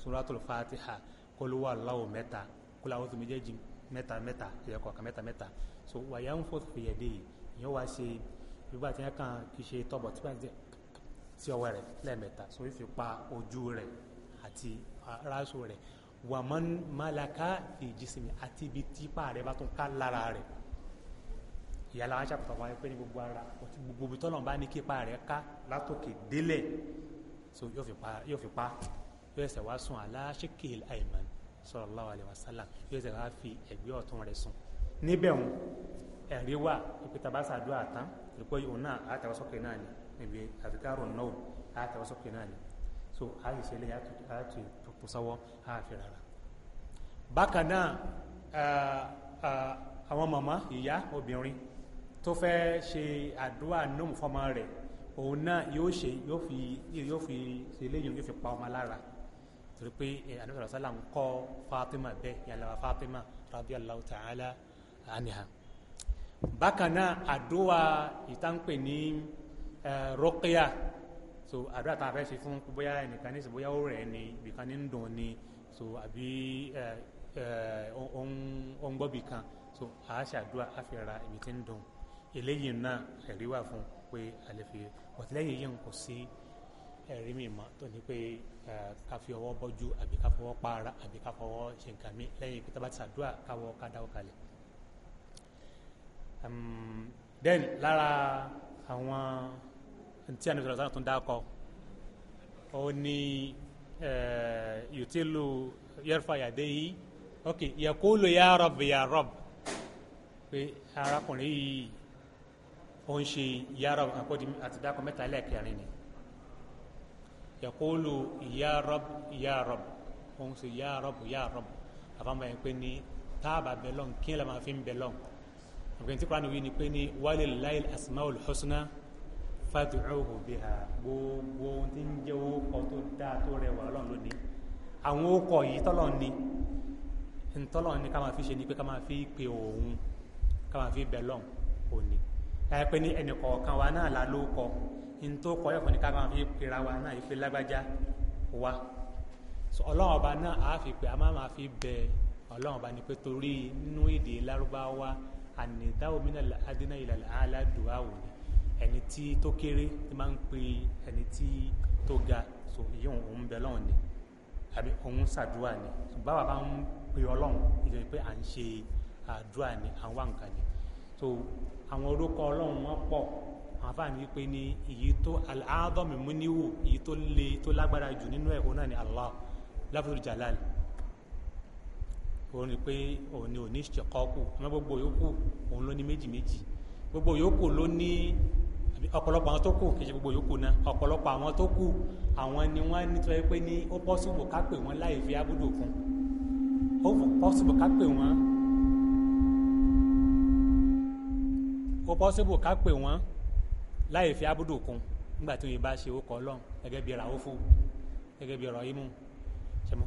suratul fatiha kólú wà láwò mẹ́ta kólú àwọn tó méjèèjì mẹ́ta mẹ́ta ẹ̀yọ kọ̀ọ̀kan mẹ́ta mẹ́ta so wàyà ń fò fi yẹ̀dẹ̀ yìí wá ṣe ìgbà tí wọ́n kàn kì í ṣe tọ́bọ̀ tí wọ́n ti sí ọwọ́ rẹ̀ lẹ́ẹ̀mẹ́ta so ìfipá ojú rẹ̀ àti ráṣọ rẹ̀ waman malaka fi jisimi àti ibi tipa rẹ̀ bá tún ká lára rẹ̀ ìyàlá wọn ṣàpàtà wọn pé ní gbogbo ara ọtí gbogbo ibi tọ́lọ̀ bá ní kípa rẹ̀ ká látòkè délẹ̀ so yóò fi pa yóò fi pa yóò ṣe wá sùn aláṣẹ́kè àìmán sallallahu alaihi wasallam yóò ṣe wá fi ẹ̀gbẹ́ ọ̀tún rẹ̀ sùn níbẹ̀ wọn ẹ̀rí wà ìpìtà bá ṣàdúrà tán ìpò yìí òun náà àtàwọ́sọ́kè náà ni níbi àfikárò náà àtàwọ́sọ́kè náà ni so àyè ṣe lè yàtọ̀ kò sọ́wọ́ àfi rárá àwọn màmá ìyá obìnrin tó fẹ́ ṣe àdúrà nóòmù fọmọ rẹ̀ òun náà yóò ṣe yóò fi ṣe léyìn yóò fi pa ọmọ lára torí pé eh, Ànábì sọ́lá ń kọ́ Fatima bẹ́ẹ̀ yàrá Fatima radiyallahu ta'ala anha bákan àdúrà ìtànpè ní eh, rọ́kíyà so àdúrà tá a fẹ́ ṣe fún bóyá ẹnìkan ní bóyá ó rẹ̀ ni ibìkan ní ń dùn ni so àbí ó ń gbọ́ bìkan so àá ṣàdúrà á fi ra ibi tí ń dùn eléyìí náà ẹ̀rí wà fún pé alẹ́ fi wọ̀tílẹ́yìn yìí kò sí ẹ̀rí mìíràn tó ní pé ká fi ọwọ́ bọ́jú àbí ká fọwọ́ pa àbí ká fọwọ́ ṣe nǹkan mi lẹ́yìn pé tábà ti ṣàdúrà káwọ́ ká dáwọ́ kalẹ̀. then lára àwọn tí a ní sọ̀rọ̀ sọ́nà tó ń dákọ̀ ó ní yòtílù yẹ́rfà yàdé yìí ok yẹ̀kúlù yà rọ̀b yà rọ̀b pé arákùnrin yìí ó ń ṣe yà rọ̀b àkọ́dí àti dákọ̀ mẹ́ta lẹ́ẹ̀kẹrin ni yẹ̀kúlù yà rọ̀b yà rọ̀b ó ń ṣe yà rọ̀b yà rọ̀b àfàmọ́ yẹn pé ní táàbà bẹ́lọ̀n kí ni la fi ń bẹ́lọ̀n àgbẹ̀ntì kúránì wí ni pé ní wàlẹ̀ láìl asmaul husna fàtúhùhù biha gbogbo ohun tí ń jẹ́ orúkọ tó dáa tó rẹwà ọlọ́run ló ní àwọn orúkọ yìí tọ́lọ̀ ní ntọ́lọ̀ ní ká máa fi ṣe ni pé ká máa fi pe òun ká máa fi bẹ lọ́n òní láyé pé ní ẹnì kọ̀ọ̀kan wa náà la ló kọ ntòkọ̀ ẹ̀fọ́ ni ká máa fi pera wa náà yìí pé lágbájá wa ọlọ́run ọba náà àá fi pè á máa máa fi bẹ ọlọ́run ọba ni pé torí nínú èdè lárúbáwá ànídáwó mínà adínà ìlàlá aládùá òun ẹni tí tó kéré tí máa ń pe ẹni tí tó ga so èyí òun ń bẹ lọ́wọ́ ni àbí òun ṣàdúrà ni báwa bá ń pe ọlọ́run ìjọba pé à ń ṣe àdúrà ni àwọn wà nǹkan ni so àwọn orúkọ ọlọ́run wọn pọ̀ àwọn afáàní wípé ní èyí tó aláàdọ́mì mú níwò èyí tó le tó lágbára jù nínú ẹ̀ òun náà ni Allah láfíìrì jalal òun ni pé òun ni òní ṣèkọ́kù àmọ́ gbogbo yòókù òun ló ní méjì méjì gbogbo yòókù ló ní ọ̀pọ̀lọpọ̀ àwọn tó kù kì í ṣe gbogbo yòókù náà ọ̀pọ̀lọpọ̀ àwọn tó kù àwọn ni wọ́n nítorí pé ní ó pọ́sibù ká pè wọ́n láì fi abúdò kún ó pọ́sibù ká pè wọ́n ó pọ́sibù ká pè wọ́n láì fi abúdò kún nígbà tí òyìnbá ṣe orúkọ ọlọ́run gẹ́gẹ́ bí ra òfò gẹ́gẹ́ bí ọ̀rọ̀ imú ṣẹmọ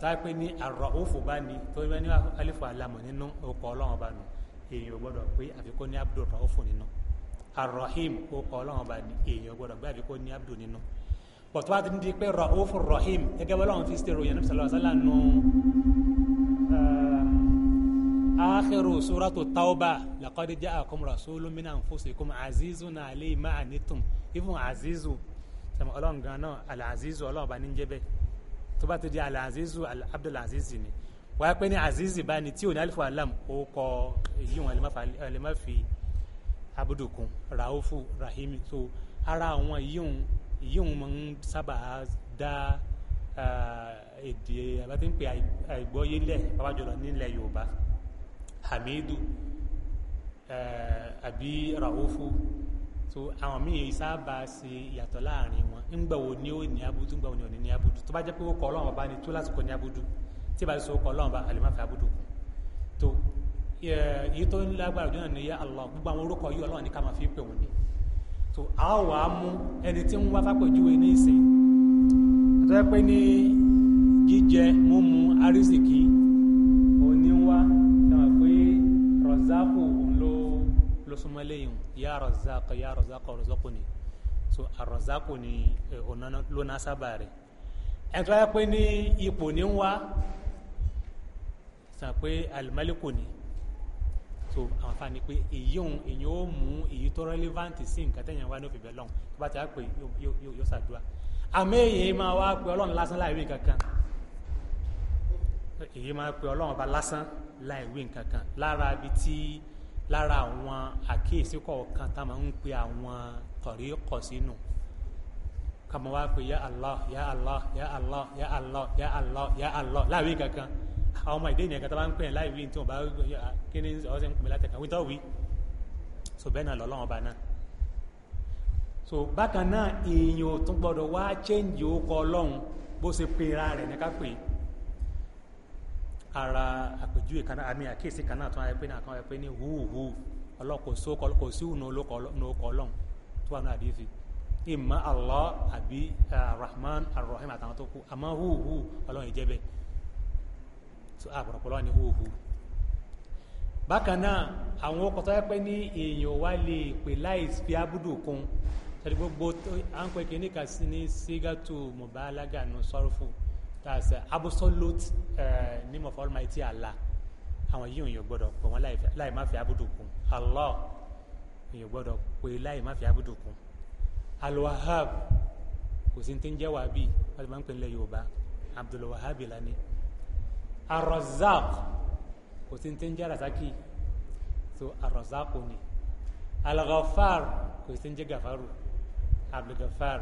táàpé ní àrọ̀ òfò bá ní tó yẹ ní alifu alamọ̀ nínú orúkọ ọlọ́run ọba nù èèyàn gbọ́dọ̀ pé àfikún ní abúdò rọ̀ òfò nínú arrahim ó kọ ọlọ́run ọba ní èèyàn gbọ́dọ̀ gbé àbíkó ní abdul nínú bọ̀tú bá ti ń di pé raouf rahim gẹ́gẹ́ bọ́ lọ́run fi ṣe ròyìn nípa sàlọ́ sàlá nu akhiru suratu tauba laqad ja'akum rasulun min anfusikum azizun alayhi ma anitum ifun azizu sàmù ọlọ́run gan náà alazizu ọlọ́run ọba ní ń jẹ́ tó bá ti di alazizu abdulaziz ni wàá pé ní azizi bá ní tí ò ní alifu alam ó kọ èyí wọn lè má fi abudukun raufu rahimi so ara àwọn yíyún yíyún máa ń sábà dá èdè àbátí àìgbọ́yélẹ̀ pàápàá nílẹ̀ yorùbá hamidu àbí raufu so àwọn míì sábà ṣe ìyàtọ̀ láàrin wọn ńgbà wo ni ó ní abudu ńgbà wo ni ò ní ní abudu tó bá jẹ́ pé ó kọ ọlọ́run ọba ni tó lásìkò ní abudu tí ìbá ti sọ ó kọ ọlọ́run ọba àlè má fi abudu kù tó èyí tó ń lágbára jù náà ní yá Allah gbogbo àwọn orúkọ yìí ọlọ́run ní ká máa fi pè wọ́n ni tó a ó wàá mú ẹni tí ń wá fápẹ̀júwe ní ìsìn tó yẹ pé ní jíjẹ mímu arísìkí òní ń wá dáhùn pé rọ̀zákù òun ló ló súnmọ́ lẹ́yìn yá rọ̀zákù yá rọ̀zákù rọ̀zákù ni so arọ̀zákù ni òun ló ná sábà rẹ̀ ẹni tó yẹ pé ní ipò ní ń wá sàn pé alimẹ́líkù ni so àwọn afáàní pé èyí òun èyí ó mú èyí tó relevant sí nǹkan tẹ̀yìn wá ní òfin bẹ́ẹ̀ lọ́hùn tó bá ti á pè yóò ṣàdúrà àmọ́ èyí máa wá pé ọlọ́run lásán láì wí nǹkan kan èyí máa pé ọlọ́run ọba lásán láì wí nǹkan kan lára ibi tí lára àwọn àkíyèsí kọ̀ọ̀kan tá a máa ń pe àwọn kọ̀rí kọ̀ sínú kàmọ́ wá pé ya Allah ya Allah ya Allah ya Allah ya Allah ya Allah láì wí nǹkan kan àwọn ọmọ ìdí ìyẹn kan tó bá ń pè é láì wí tí wọn bá kí ni ọsẹ ń pè láti ẹka wíńtọ́ wí so bẹ́ẹ̀ náà lọ́lọ́wọ́n bá náà so bákan náà èèyàn ò tún gbọdọ̀ wá chẹ́ǹjì orúkọ ọlọ́run bó ṣe pe ra rẹ̀ ní ká pè ara àpèjúwe kan àmì àkíyèsí kan náà tó ń wáyé pé náà kan wáyé pé ní hùhù ọlọ́kòsó kòsí òun olóko ọlọ́run tó wà náà àdéhìí ìmọ̀ Allah àbí eh, Rahman Ar-Rahim àtàwọn tó kù àmọ́ hùhù ọlọ́run ìjẹ́bẹ̀ẹ́ àpọ̀lọpọ̀lọ ah, ní hóhó bákan náà àwọn ọkọ̀ tó yẹ pé ní èèyàn wá lè pè láì fi ábúdù kún tẹ́lẹ̀ gbogbo à ń pè kíní kan sí ní sígàtò mọ̀bálágà nù sọ́rọ́fù tá a sẹ́ uh, absolute uh, name of almighty Allah àwọn yìí òun yóò gbọ́dọ̀ pè wọ́n láì má fi ábúdù kún Allah èèyàn gbọ́dọ̀ pé láì má fi ábùdù kún alwahab kò sí ti ń jẹ́ wàhábì wọ́n ti máa ń pè ní ilẹ̀ yorùbá abdulwahab lani arozak kò sí ti ń jẹ́ razaki so arozak ni alagafar kò sí ti ń jẹ́ gafaru abdulgafar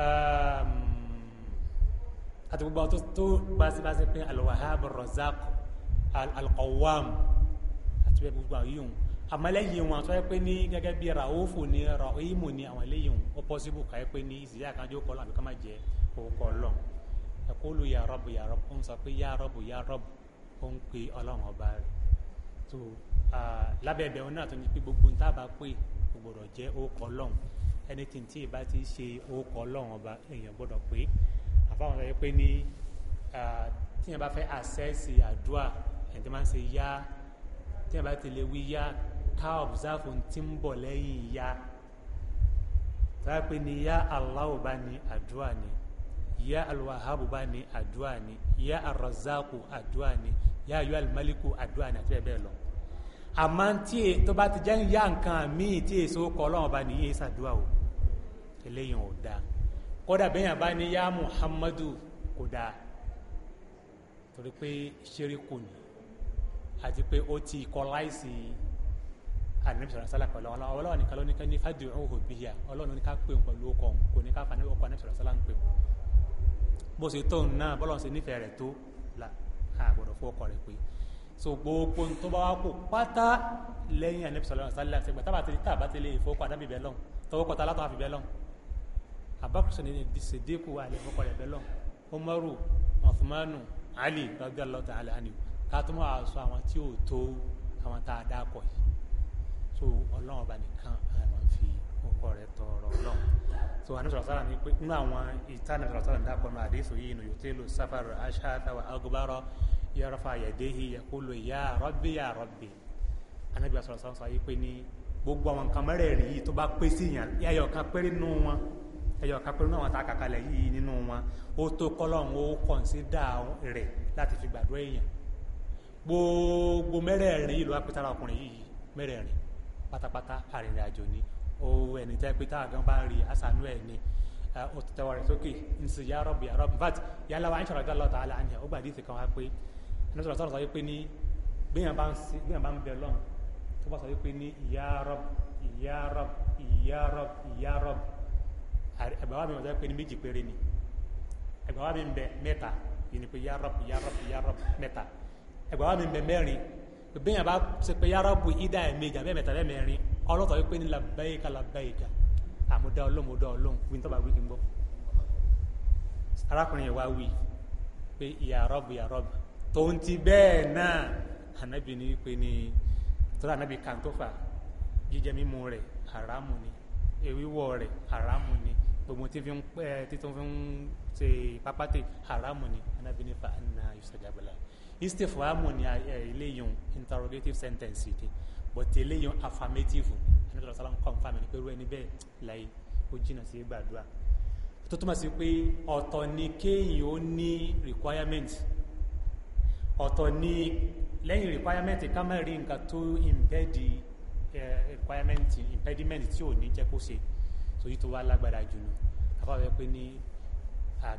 ehm, àti gbogbo àwọn tó báṣibáṣi pé alwahab rozak alqawam àti gbogbo àwọn yìí àmọ́ lẹ́yìn wọn tó yẹ pé ní gẹ́gẹ́ bí raofu ni rahimu ni àwọn lẹ́yìn wọn ó pọ́sibú ká yẹ pé ní ìsìlẹ̀ àkájọ́ kọ́ lọ́n àbíká má jẹ́ òkọ́ lọ́n ẹ̀kọ́ ya rọ́bù ya rọ́bù ó ń sọ pé ya rọ́bù ya rọ́bù ó ń pe ọlọ́run ọba rẹ̀ tó lábẹ́ ẹ̀bẹ̀ náà tó ní pé gbogbo ń tábà pé gbọ́dọ̀ jẹ́ orúkọ ọlọ́run anything tí ìbá ti ṣe orúkọ ọlọ́run ọba èèyàn gbọ́dọ̀ pé àfáwọn ọ̀sẹ̀ pé ní tíyẹn bá fẹ́ àṣẹ́sì àdúrà ẹ̀ tí máa ń ṣe yá tíyẹn bá ti lè wí yá ká observe ohun ń bọ̀ lẹ́yìn yá tó bá pé ní yá Allah ọba ni àdúrà ni ya alwahabu bá ní àdúrà ni ya arrazaku àdúrà ni ya ayọ alimaliku àdúrà ni àti bẹ́ẹ̀ bẹ́ẹ̀ lọ àmọ́ tí e tó bá ti jẹ́ ń yá nǹkan míì tí èso kọ́ ọlọ́run bá ní yéé ṣàdúrà o eléyìí ò dáa kódà bẹ́yàn bá ní yá muhammadu kò dáa torí pé ṣeríkù ni àti pé ó ti kọ́ láìsí ànábì sọ̀rọ̀ sálà pẹ̀lú ọlọ́run ọlọ́run nìkan ló ní ká ní fàdúrà òhò bíyà ọlọ́run ní ká pè ń pẹ̀lú ọkọ̀ kò ní ká fà ní ọkọ̀ ànábì sọ̀rọ̀ sálà ń pè ń bó ṣe tóun náà bọ́lọ́n ṣe nífẹ̀ẹ́ rẹ̀ tó àgbọ̀dọ̀ fún ọkọ̀ rẹ̀ pé so gbogbo tó bá wá kó pátá lẹ́yìn àníbi sọ̀rọ̀ sálẹ̀ àti ìgbàtà àti ìta àbá tẹ́lẹ̀ ìfowópamọ́ àdábì bẹ́ẹ̀ lọ́n tọwọ́kọ̀tà alátọ̀ àfi bẹ́ẹ̀ lọ́n abakirisa ni sèdèkù àlẹ́ ìfowópamọ́ rẹ̀ bẹ́ẹ̀ lọ́n Umaru Uthmanu Ali radiyallahu ta'ala anhu kátùmọ̀ àṣọ àwọn tí ò tó àwọn tá a dákọ̀ yìí so ọlọ́run ọba nìkan àwọn fi ọkọ rẹ̀ tọ ọ̀rọ̀ ọlọ́run so anúṣọ sára ní pé nínú àwọn ìtànà ìṣọ̀rọ̀ sára dákọ̀ nù àdéhùn yìí nù yóò tẹ́ lò sáfàrò aṣááta wà agbára yẹrọfà yẹdéhì yẹkúlò ya rọ́bì ya rọ́bì anábìyà sọ̀rọ̀ sára sọ yìí pé ní gbogbo àwọn nǹkan mẹ́rẹ̀ẹ̀rin yìí tó bá pé sí yàn ẹyọ kan péré nínú wọn ẹyọ kan péré nínú àwọn tá a kàkalẹ̀ yìí nínú wọn ó tó kọ́lọ́run ó kọ̀ǹsídà rẹ̀ láti fi gbàdúrà èèyàn gbogbo mẹ́rẹ̀ẹ̀rin yìí ló wá pété ara ọkùnrin yìí mẹ́rẹ̀ẹ̀rin pátápátá arìnrìnàjò ni o ẹni tẹ́ pé táwọn gan bá rí àṣàánú ẹ̀ ni ó ti tẹ́wọ́ rẹ̀ sókè ń sì yá rọ́bì yá rọ́bì nfàt yálà wa ń ṣọ̀rọ̀ dá lọ́ta alẹ́ àníyàn ó gbàdí ìsìn kan wá pé ẹni sọ̀rọ̀ sọ̀rọ̀ sọ pé ní gbéyàn bá ń bẹ lọ́n tó bá sọ pé ní ìyá rọ́bì ìyá rọ́bì ìyá rọ́bì ìyá rọ́bì ẹgbẹ́ wa mi wọ́n sọ pé ní méjì péré ni ẹgbẹ́ wa mi ń bẹ mẹ́ta yìí ni pé yá rọ́bì yá rọ́bì yá rọ́bì mẹ́ta ẹgbẹ́ wa mi ń bẹ mẹ́rin gbéyàn bá sọ pé yá rọ́bì ìdá ẹ̀ méjì àbẹ́ mẹ́ta bẹ́ẹ̀ mẹ́rin ọlọ́tọ̀ wípé ní labbaika labbaika àmúdá ọlọ́run mọ̀dá ọlọ́run wí tọ́ba wí kí n gbọ́ arákùnrin yẹn wá wí pé ya Rabb ya Rabb tòun ti bẹ́ẹ̀ náà ànábì ní pé ní tọ́lá ànábì kan tó fà jíjẹ mímu rẹ̀ haramu ni ewíwọ̀ rẹ̀ haramu ni gbogbo tí tó fi ń ṣe pápátẹ̀ haramu ni ànábì ní fa anna yusajabu la istifahamu ni eléyìí interrogative sentence yìí bọ̀tẹ̀ eléyàn affirmative anabi sọlá ń confam ẹni pé irú ẹni bẹ́ẹ̀ láyé ó jìnnà sí gbàdúrà tó túmọ̀ sí pé ọ̀tọ̀ ni kéèyàn ó ní requirement ọ̀tọ̀ ni lẹ́yìn requirement ká má rí nǹkan tó impedi eh, requirement impediment tí ò ní jẹ́ kó ṣe sojú tó wá lágbára jù lọ pé ní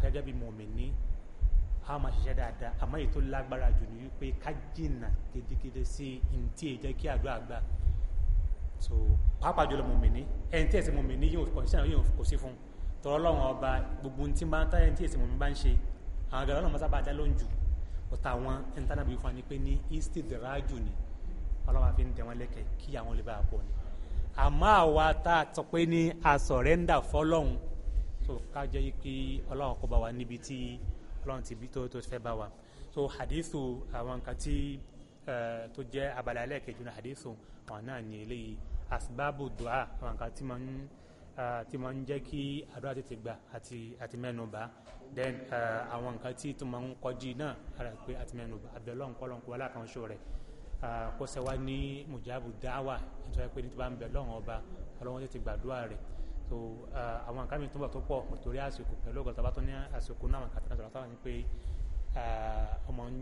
àgẹ́gẹ́ bí mọ̀mí ní a máa ṣiṣẹ́ dáadáa àmọ́ èyí tó lágbára jù ní wípé ká jìnnà gidigidi sí ntí èjẹ́ kí àdúrà gbà so pàápàá jùlọ mòmìnì ẹni tí ẹ̀sìn mòmìnì yóò kọ̀ǹsíṣàn yóò kò sí fún tọrọ lọ́wọ́n ọba gbogbo ntí máa ń táyẹ̀ ntí ẹ̀sìn mòmìnì bá ń ṣe àwọn àgbàdo ọlọ́mọ sábà dá ló ń jù ọ̀tá àwọn ẹ̀ńtánàbí fún wa ni pé ní east deraju ni ọlọ́mọ àfi ń tẹ̀ wọ́n lẹ́kẹ̀ kí àwọn lè bá pọ̀ ni àmọ́ àwa tá a sọ pé ní a sọ̀rẹ́ńdà fọlọ́hún so ká jẹ́ pé ọlọ́run kó bá wa níbi tí ọlọ́run ti bí tó tó fẹ́ bá wa so hadithu àwọn nǹkan tí tó jẹ́ abala ẹlẹ́ẹ̀kejì ní hadithu àwọn náà ní eléyìí asbabu dua àwọn nǹkan tí máa ń tí máa ń jẹ́ kí àdúrà tètè gbà àti àti mẹ́nuba then àwọn nǹkan tí tó máa ń kọjí náà ara pé àti mẹ́nuba abẹ́lọ́ nǹkọ́lọ́ nǹkọ́ wọlé àkànṣe rẹ̀ kó sẹ́wá ní mujabu dáwà nítorí pé nítorí bá ń bẹ lọ́wọ́n ọba ọlọ́wọ́n tètè gbàdúrà rẹ̀ so uh, àwọn nǹkan mi tó bọ̀ tó pọ̀ torí àsìkò pẹ̀lú ọgọ́ta bá tó ní àsìkò náà àwọn kàtàkì sọ̀rọ̀ táwọn ni pé uh, ọmọ ń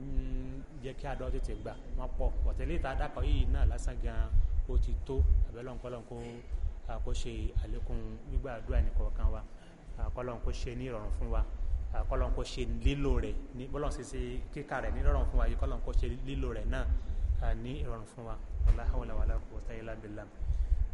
jẹ́ kí àdó tètè gbà wọ́n pọ̀ ọ̀tẹ̀lẹ́ ìta dákọ̀ yìí náà lásán gan ó ti tó àbẹ́lẹ̀ ọ̀nkọ́lọ́n kó uh, kó ṣe àlékún gbígbà àdúrà nìkọ̀ọ̀kan wa àkọ́lọ́n kó ṣe ní ìrọ̀rùn fún wa àkọ́lọ́n kó ṣe lílò rẹ̀ ní bọ́lọ̀ ṣíṣe kíkà rẹ̀ ní ìrọ̀rùn fún wa yìí kọ́lọ́n kó ṣe lílò rẹ̀ náà ní ìrọ̀rùn fún wa. Allahu la wala quwwata illa billah.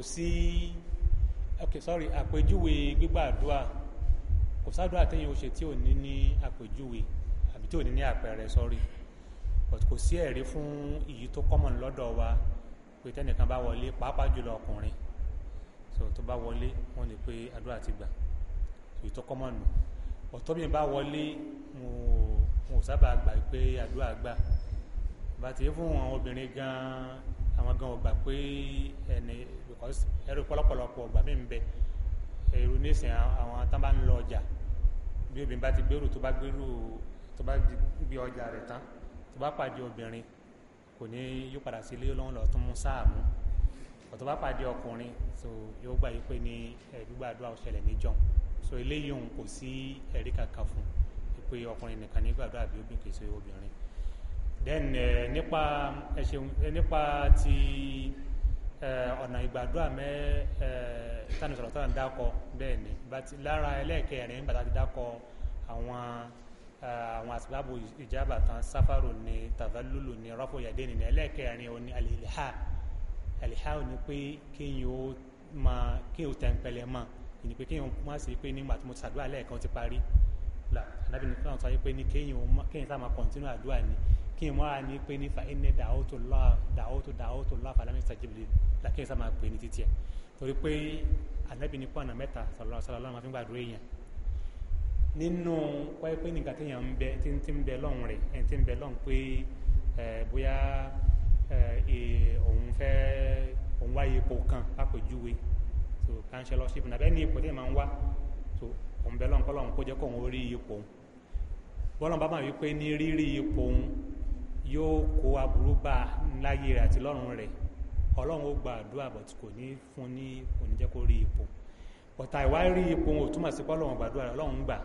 kò sí ok sorry àpèjúwe gbígbàdúrà kò sádùá téèyàn ó ṣe tí ò ní ní àpèjúwe àbí tí ò ní ní àpẹẹrẹ sorry but kò sí ẹ̀rí fún èyí tó common lọ́dọ̀ wa pé tẹ́nìkan bá wọlé pàápàá jùlọ ọkùnrin so tó bá wọlé wọn lè pe àdúrà ti gbà èyí tó common nù ọ̀tọ́ bá wọlé mo sábà gbà pé àdúrà gbà bàtí fún àwọn obìnrin gan-an àwọn gan ọgbà pé ẹni because ẹrú pọ̀lọpọ̀lọpọ̀ ọgbà mi ń bẹ ẹrú nísìnyí àwọn tán bá ń lọ ọjà bí obìnrin bá ti gbèrú tó bá gbèrú tó bá gbé ọjà rẹ̀ tán tó bá pàdé obìnrin kò ní yóò padà sí ilé lọ́wọ́ lọ́ọ́ tó mú sáàmù ọ̀tọ̀ bá pàdé ọkùnrin so yóò gbà yí pé ní gbígbàdúrà ó níjọ́ so eléyìí òun kò sí ẹ̀rí kankan fún pé ọkùnrin nìkan ní gbàdúrà bí obìnrin kì í ṣe obìnrin then eh, nípa ẹ ṣeun eh, nípa ti eh, ọ̀nà ìgbàdúrà mẹ́ tánu sọ̀rọ̀ tánu dákọ bẹ́ẹ̀ ni lára ẹlẹ́ẹ̀kẹrin bàtà ti dákọ àwọn àwọn àtìgbàbò ìjábà tán sáfàrò ní tàfẹ́lúlù ní rọ́pò yàdé nìyẹn ẹlẹ́ẹ̀kẹrin ò ní àlìhà àlìhà ò ní pé kéèyàn ó máa kéèyàn ó tẹ̀ǹpẹ̀lẹ̀ mọ́ ìní pé kéèyàn má sì pé nígbà tí mo ti ṣàdúrà lẹ́ẹ̀kan ti parí là àdábìnrin kan sọ pé ní kéèyàn ó kéèyàn sá kí n máa ní pé ní fa ẹni dàótò lọ́à dàótò dàótò lọ́à fàlámì sàjìbìlì làkíyè sá máa pè ní títí ẹ̀ torí pé ànábì ní pọ́nà mẹ́ta sallallahu alaihi wasallam máa fi gbàdúrà èèyàn nínú wáyé pé nìkan téèyàn ń bẹ tí ń ti ń bẹ lọ́hùn rẹ̀ ẹni tí ń bẹ lọ́hùn pé bóyá e, òun fẹ́ òun wáyé ipò kan lápèjúwe so councilorship nàbẹ́ ní ipò téèyàn máa ń wá so òun bẹ lọ́hùn kọ́ lọ́hùn kó jẹ́ kóun ó rí ipò òun bọ́lọ́n bá máa wí pé ní rírí ipò òun yóò kó aburú bá láyé rẹ̀ àti lọ́rùn rẹ̀ ọlọ́run ó gba àdúrà bọ̀ tí kò ní fún ní kò ní jẹ́ kó rí ipò ọ̀tá ìwá rí ipò wọn ò túmọ̀ sí pé gbàdúrà rẹ̀ ọlọ́run gbà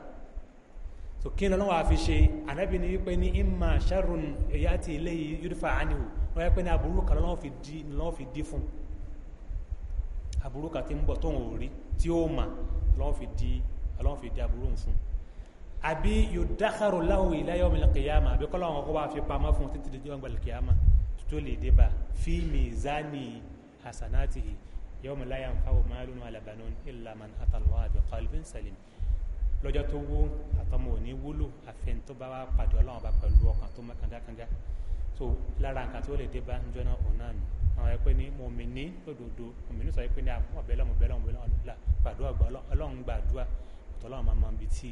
tó kí ni ọlọ́run àfi ṣe ànábì ni wípé ní imma sharrun èyí àti ilé yìí yúdúfà ánìwò wọ́n yẹ pé ní aburú kan lọ́wọ́ fi di lọ́wọ́ fi di fún aburú kan tí ń bọ̀ tóun ò rí tí ó mà lọ́wọ́ fi di lọ́wọ́ fi di aburú fún un àbí yòdákàrò láwù ìláyọ̀ mi lẹ́kìyàmà àbí kọ́lá wọn kó bá fi pamọ́ fún títí di jọ́ngbà lẹ́kìyàmà tó lè dé bá fi mizani hasanatihi yawma la yanfa'u malun wala banun illa man ata Allaha bi qalbin salim lọ́jọ́ tó wó àtọmọ òní wúlò àfẹn tó bá wà pàdé ọlọ́run bá pẹ̀lú ọkàn tó mọ́ kangakanga so lára nǹkan tó lè dé bá ń jọ́nà ọ̀nà nù àwọn ẹgbẹ́ ní mọ̀mìnì lódodo mọ̀mìnì sọ pé ní àbẹ̀lẹ̀ mọ̀bẹ̀lẹ̀ mọ̀bẹ̀lẹ̀ ọ̀la gbàdúrà gbà ọlọ́run gbàdúrà ọ̀tọ̀ ọlọ́run máa máa bi tí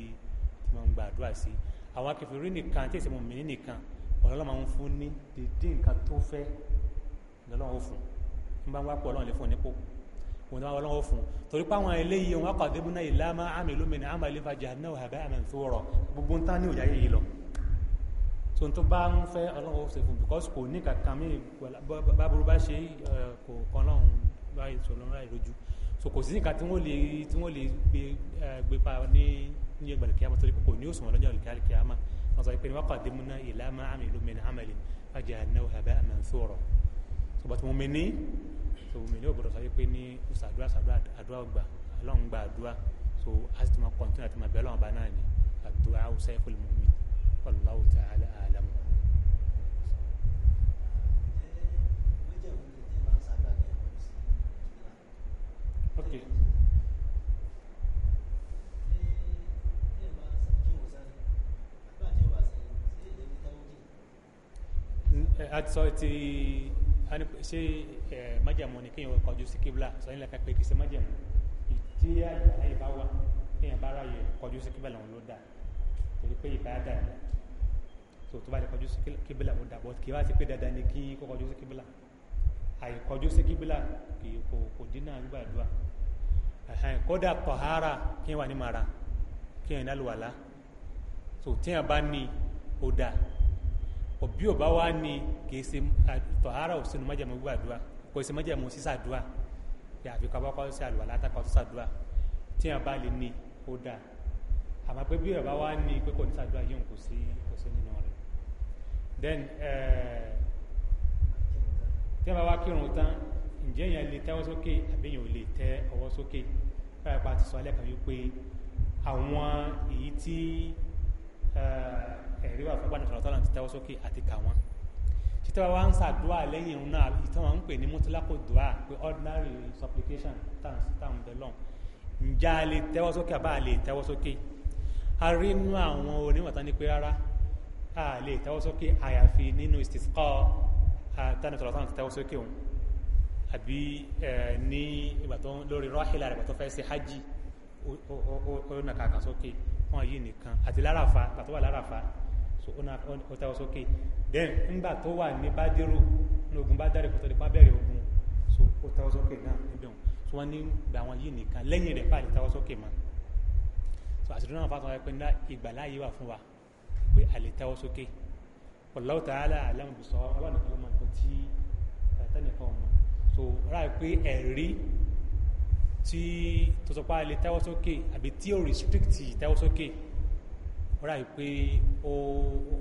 tí wọ́n ń gba àdúrà sí àwọn akẹfẹ̀rí nìkan tí èsì mọ̀ mí nìkan ọlọ́run máa ń fún ní dídí nǹkan tó fẹ́ lọ́lọ́run ó fún un bá ń wá pọ̀ ọlọ́run lè fún un nípò òun náà ọlọ́run ó fún un torí pé àwọn eléyìí wọn kọ̀ débúná ìlàmà àmì lómìnira àmà ilé fàjà náà àbẹ́ àmì tó rọ̀ gbogbo ń tán ní òjá yìí lọ tó ń tó bá ń fẹ́ ọlọ́run ó ṣe fún un because kò ní kankan mí báburú bá ṣe kò ọlọ́run bá ìṣòro ńlá ìrojú so kò sí nǹkan tí wọ́n lè gbé pa ní níjọ́ ìgbàlẹ̀ kíyàmá torí kò ní òṣùwọ̀n lọ́jọ́ ìgbàlẹ̀ kíyàmá wọ́n sọ pé ní wákàtí múná ìlà máa àmì ìlú mẹ́ni àmàlì ajá náà habẹ́ àmà ń sọ̀rọ̀ ṣùgbọ́n tí mo mi ní tó mo mi ní òbúrọ̀ sọ pé ní ṣàdúrà ṣàdúrà àdúrà gbà ọlọ́run gba àdúrà so a sì ti máa kọ̀ntínú àti máa bẹ̀ ọlọ́run náà ni àdúrà sayful mu'min wallahu ta'ala a'lam Okay. àti sọ ti ṣe májàmú ni kéèyàn kọjú sí kíbla sọ yín lẹ́ka pé kì í ṣe májàmú tí àyè bá wà kéèyàn bá ráyè kọjú sí kíbla lòun ló dà torí pé ìbá dà ní tó tó bá lè kọjú sí kíbla ó dà bọ́ kì í wá sí pé dandan ni kí kó kọjú sí kíbla àyè kọjú sí kíbla kì í kò kò dínà wà ní mara kéèyàn ní àlùwàlá tó téèyàn bá ní ó dà òbí ò bá wá ní kì í ṣe eh, tọ̀hárà ò sínú májàmú gbàdúrà kò sí májàmú sísàdúrà yàfi kọ́ bọ́kọ́ sí àlùwàlá tá kọ́ sísàdúrà tí yàn bá lè ní ó dáa àmọ́ pé bí ò bá wá ní pé kò ní sàdúrà yóò kò sí kò sí nínú rẹ̀ then eh, tí yàn bá wá kírun tán ǹjẹ́ yẹn lè tẹ́wọ́ sókè àbí yẹn ò lè tẹ́ ọwọ́ sókè báyìí pa ti sọ alẹ́ kan wípé àwọn èyí tí eh, ẹ̀rí wà fún pàdé sọ̀rọ̀ tọ́lá ti tẹ́wọ́ sókè àti kà wọ́n títẹ́ wa wá ń sàdúà lẹ́yìn òun náà ìtàn wọn ń pè ní mutlaku dùà pé ordinary supplication thanks thanks the long ǹjẹ́ a lè tẹ́wọ́ sókè àbá a lè tẹ́wọ́ sókè a rí inú àwọn onímọ̀tá ní pé rárá a lè tẹ́wọ́ sókè àyàfi nínú istisqa tani sọ̀rọ̀ tán ti tẹ́wọ́ sókè òun àbí ní ìgbà tó lórí rọ́hìlà rẹ̀ tó fẹ́ ṣe hajj ó nà kàkà sókè wọn yìí nìkan àti láràfà gbà tó wà láràfà so ona ó tẹ́wọ́ sókè then ńgbà tó wà ní bádírù ní ogun bá dárí kótó nípa bẹ̀rẹ̀ ogun so ó tẹ́wọ́ sókè náà níbẹ̀ wọn so wọ́n ní gbà wọn yìí nìkan lẹ́yìn rẹ̀ pàdé tẹ́wọ́ sókè mọ́ so àṣírí náà fàtàn pé ńlá ìgbàláyé wà fún wa pé àlè tẹ́wọ́ sókè Wallahu ta'ala alámùbùsọ ọlọ́run kan ló máa ń kó so ráì pé ẹ̀rí tí tó sọ pé àlè tẹ́wọ́ sókè àbí tí ò restrict tẹ́wọ́ sókè rà yìí pé ó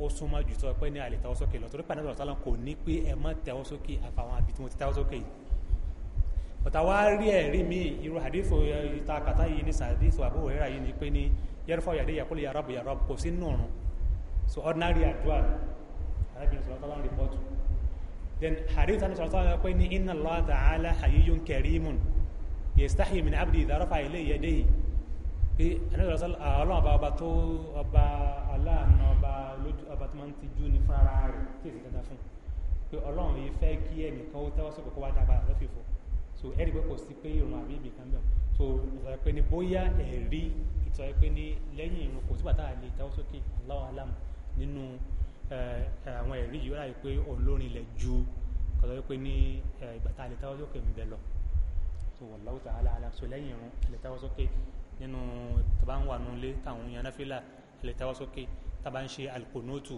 ó súnmọ́ jù sọ pé ní àlè tẹ́wọ́ sókè lọ torí pàdánù ọ̀sán kò ní pé ẹ má tẹ́wọ́ sókè àfàwọn àbí tí mo ti tẹ́wọ́ sókè yìí ọ̀tà wá rí ẹ̀rí mi irú àdéfò ìta kàtá yìí ní sàdéfò àbúrò rẹ̀ yìí ni pé ní yẹ́rọ́fọ́ yàdé yàkó yàrá bò yàrá kò sí nùrùn so ordinary àdúrà arábìnrin sọ̀rọ̀ tọ́lá ń rìpọ́tù then àdéfò tani sọ̀rọ̀ tọ́lá pé ní inna Allah ta'ala hayyun karimun yastahi min abdi idha rafa'a ilayhi pé ọlọ́run ọba tó ọba aláàánú ọba lójú ọba tó máa ń tijú ní fún ara rẹ̀ tí èsì dandan fún pé ọlọ́run yìí fẹ́ kí ẹnìkan ó tẹ́wọ́ sọ̀kọ̀ kó wá dá padà lọ́fẹ̀ẹ́fọ́ so ẹ̀rí pé kò sí pé ìrùn àbí ibì kan bẹ̀ so ìtọ́ pé ní bóyá ẹ̀rí ìtọ́ pé ní lẹ́yìn ìrùn kò sígbà tá a lè tẹ́wọ́ sókè Allahu alam nínú àwọn ẹ̀rí yìí ó ráyè pé olórin lẹ̀ ju kọ́tọ́ pé ní ìgbà tá a lè tẹ́wọ́ sókè ń bẹ lọ so wallahu ta'ala alam so lẹ́yìn ìrùn lè tẹ́wọ́ sókè nínú tàbá ń wà nù lé táwọn yan náfìlà lè tawọ́ sókè tàbá ń ṣe alikonotu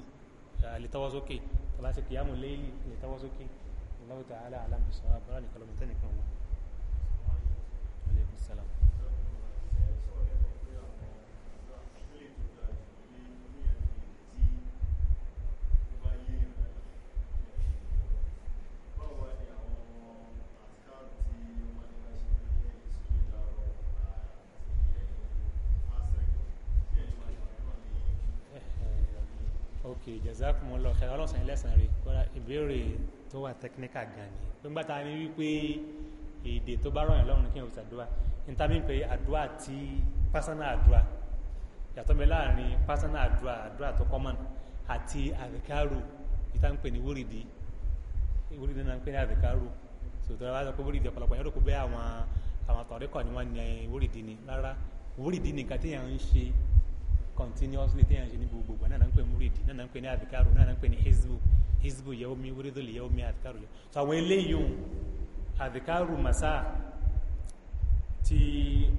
lè tawọ́ sókè tàbá ṣe kìyàmù léyìí lè tawọ́ sókè Allahu ta'ala nìkan lọ́mọ tẹ́nìkan wọn. ok jazakumullahu khairan ọlọ́sàn ilé ẹ̀sán rẹ̀ kọ́ra ìbéèrè tó wà tẹkíníkà gan ni nígbà tá a ní wípé èdè tó bá rọyìn lọ́rùn kí n ò ṣàdúrà níta mi pé àdúrà tí pásánà àdúrà yàtọ̀ mi láàrin pásánà àdúrà àdúrà tó common àti àdìkárò ìta ń pè ní wúrìdì wúrìdì náà ń pè ní àdìkárò sòtò àwọn àti wúrìdì ọ̀pọ̀lọpọ̀ yẹn rò kó bẹ́ẹ̀ àwọn àwọn àtọ̀rẹ́kọ̀ ni wọ́n ní eh, wúrìdì ni rárá wúrìdì nìkan téèyàn ń ṣe continuously téèyàn ṣe ní gbogbo ìgbà náà ń pè múrìdì náà ń pè ní àbíkárò náà ń pè ní hezbo hezbo yẹwò mi wúrídò lè yẹwò àbíkárò yẹwò so àwọn eléyìí òun àbíkárò màsá tí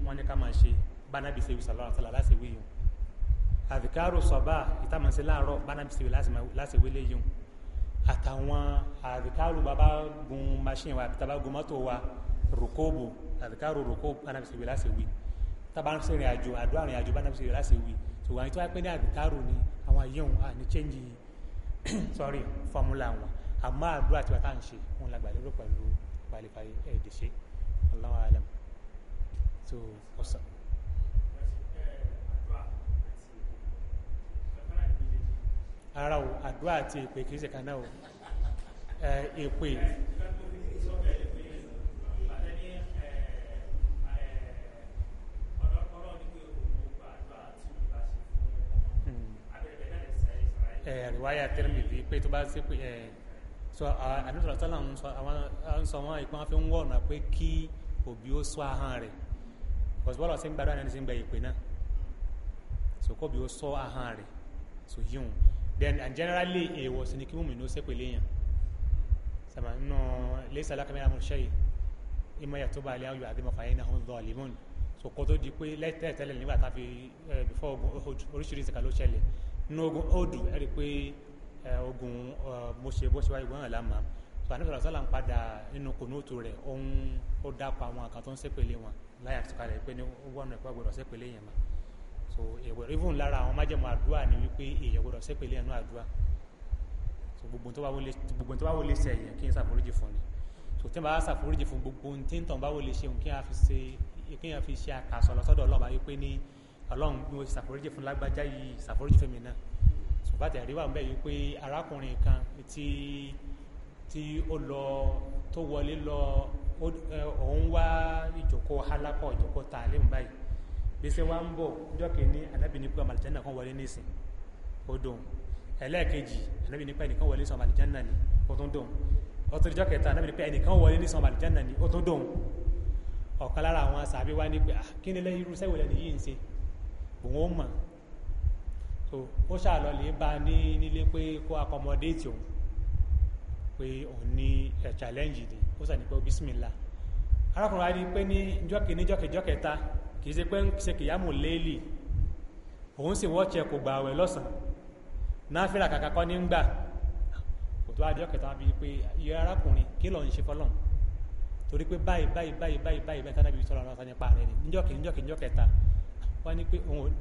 wọ́n ní ká máa ṣe bánábì ṣe wùsà lọ́rọ̀ sọ́la láti wí yòó àbíkárò sọ́bà ìtàmọ̀sí láàárọ̀ bánábì ṣe láti wí léyìí òun àtàwọn àbíkárò bàbá gun machine wa àbíkárò mọ́tò wa rokóbò àbíkárò rokóbò bánábì ṣe wí láti wí yòó tábà ń sèrìn àjò àdó àrìn àjò bá náà sèrìn láti wí tó wà ní tó wá pé ní àgbékárò ni àwọn yẹun à ní chẹ́ǹjì sorry fọ́múlà wọn àmọ́ àdó àti wàtá ń ṣe wọn làgbà lérò pẹ̀lú pàlípàlí ẹ̀ẹ́dẹ̀ ṣe Allahu alam o ọ̀sán. ara o àdó àti èpè kì í ṣe kan náà o èpè. rìwáyà Tirmidhi pé tó bá sí pé so àdúrà sọ́là ń sọ wọn ìpọ́n fi ń wọ̀ ọ̀nà pé kí òbí ó sọ ahọ́n rẹ̀ bọ́sibọ́lọ̀ sí ń gbàdúrà ní sí ń gbẹ ìpè náà so kó bí ó sọ ahọ́n rẹ̀ so yíwọ̀n then and generally èèwọ̀ sí ni kí mùmí ló sẹ́pẹ̀ léèyàn sàmà nínú lẹ́sà alákàmẹ́rà mọ̀ ṣẹ́yìn ìmọ̀ yàtọ̀ bá alẹ́ ayọ̀ àdìmọ̀ fàyẹ́ náà ń lọ àlìmọ́n so kó tó di pé lẹ́tẹ̀ẹ̀tẹ̀lẹ̀ nígbà tá before oríṣiríṣi kan ló ṣẹlẹ̀ ní ogun odu ẹ̀rí pé ogun mọ̀ṣẹ́ bó ṣe wáyé wọ́n hàn lámà tó ànífẹ́ ọ̀sán là ń padà nínú kònóòtù rẹ̀ ohun ó dápọ̀ àwọn àkàn tó ń sépèlé wọn láyà tó kalẹ̀ pé ní wọ́n rẹ̀ pé gbọ́dọ̀ sépèlé yẹn mà so èèwọ̀ even lára àwọn májẹ̀mú àdúrà ni wípé èèyàn gbọ́dọ̀ sépèlé ẹnu àdúrà so gbogbo tó bá wọlé sẹ́yìn kí n ṣàforíjì fún ni so tí n bá ṣàforíjì fún gbogbo tí n tàn bá wọlé ṣe òun kí n fi ṣe àkàsọ̀ lọ́sọ́dọ̀ ọlọ́ba yìí ní ọlọ́run bí wọ́n ṣàforíjì fún lágbájá yìí ṣàforíjì fún mi náà ṣùgbọ́n àtẹ̀rí wà níbẹ̀ yìí pé arákùnrin kan tí tí ó lọ tó wọlé lọ òun wá ìjókòó halakọ̀ ìjókòó tààlímù báyìí bí ṣe wá ń bọ̀ ọjọ́ kìíní anábì ní pé ọmọ àlìjánà kan wọlé nísìn ó dùn ẹlẹ́ẹ̀kejì anábì pé ẹnìkan wọlé sọmọ àlìjánà ni ó tún dùn ọtún ìjọ kẹta anábì ní pé ẹnìkan wọlé ní sọmọ ni ó tún dùn ọ̀kan lára àwọn sàbí wá ní pé ah, kí ni lẹ́yìn irú sẹ́wọ̀lẹ́ nìyí ń ṣe òun ó mọ̀ so ó ṣàlọ́lẹ̀ bá ní nílé pé kó accommodate òun pé òun ní ẹ̀ challenge ni ó sàn ní pé bismillah arákùnrin wa rí i pé ní jọ́kì kì í ṣe pé ń ṣe kìyàmù léèlì òun sì gbà àwẹ̀ lọ́sàn-án kàkà kọ́ ní ń gbà kò tó adé ọ̀kẹ́ta pé iye arákùnrin kí ń ṣe fọ́lọ́n torí pé wọ́n ní pé òun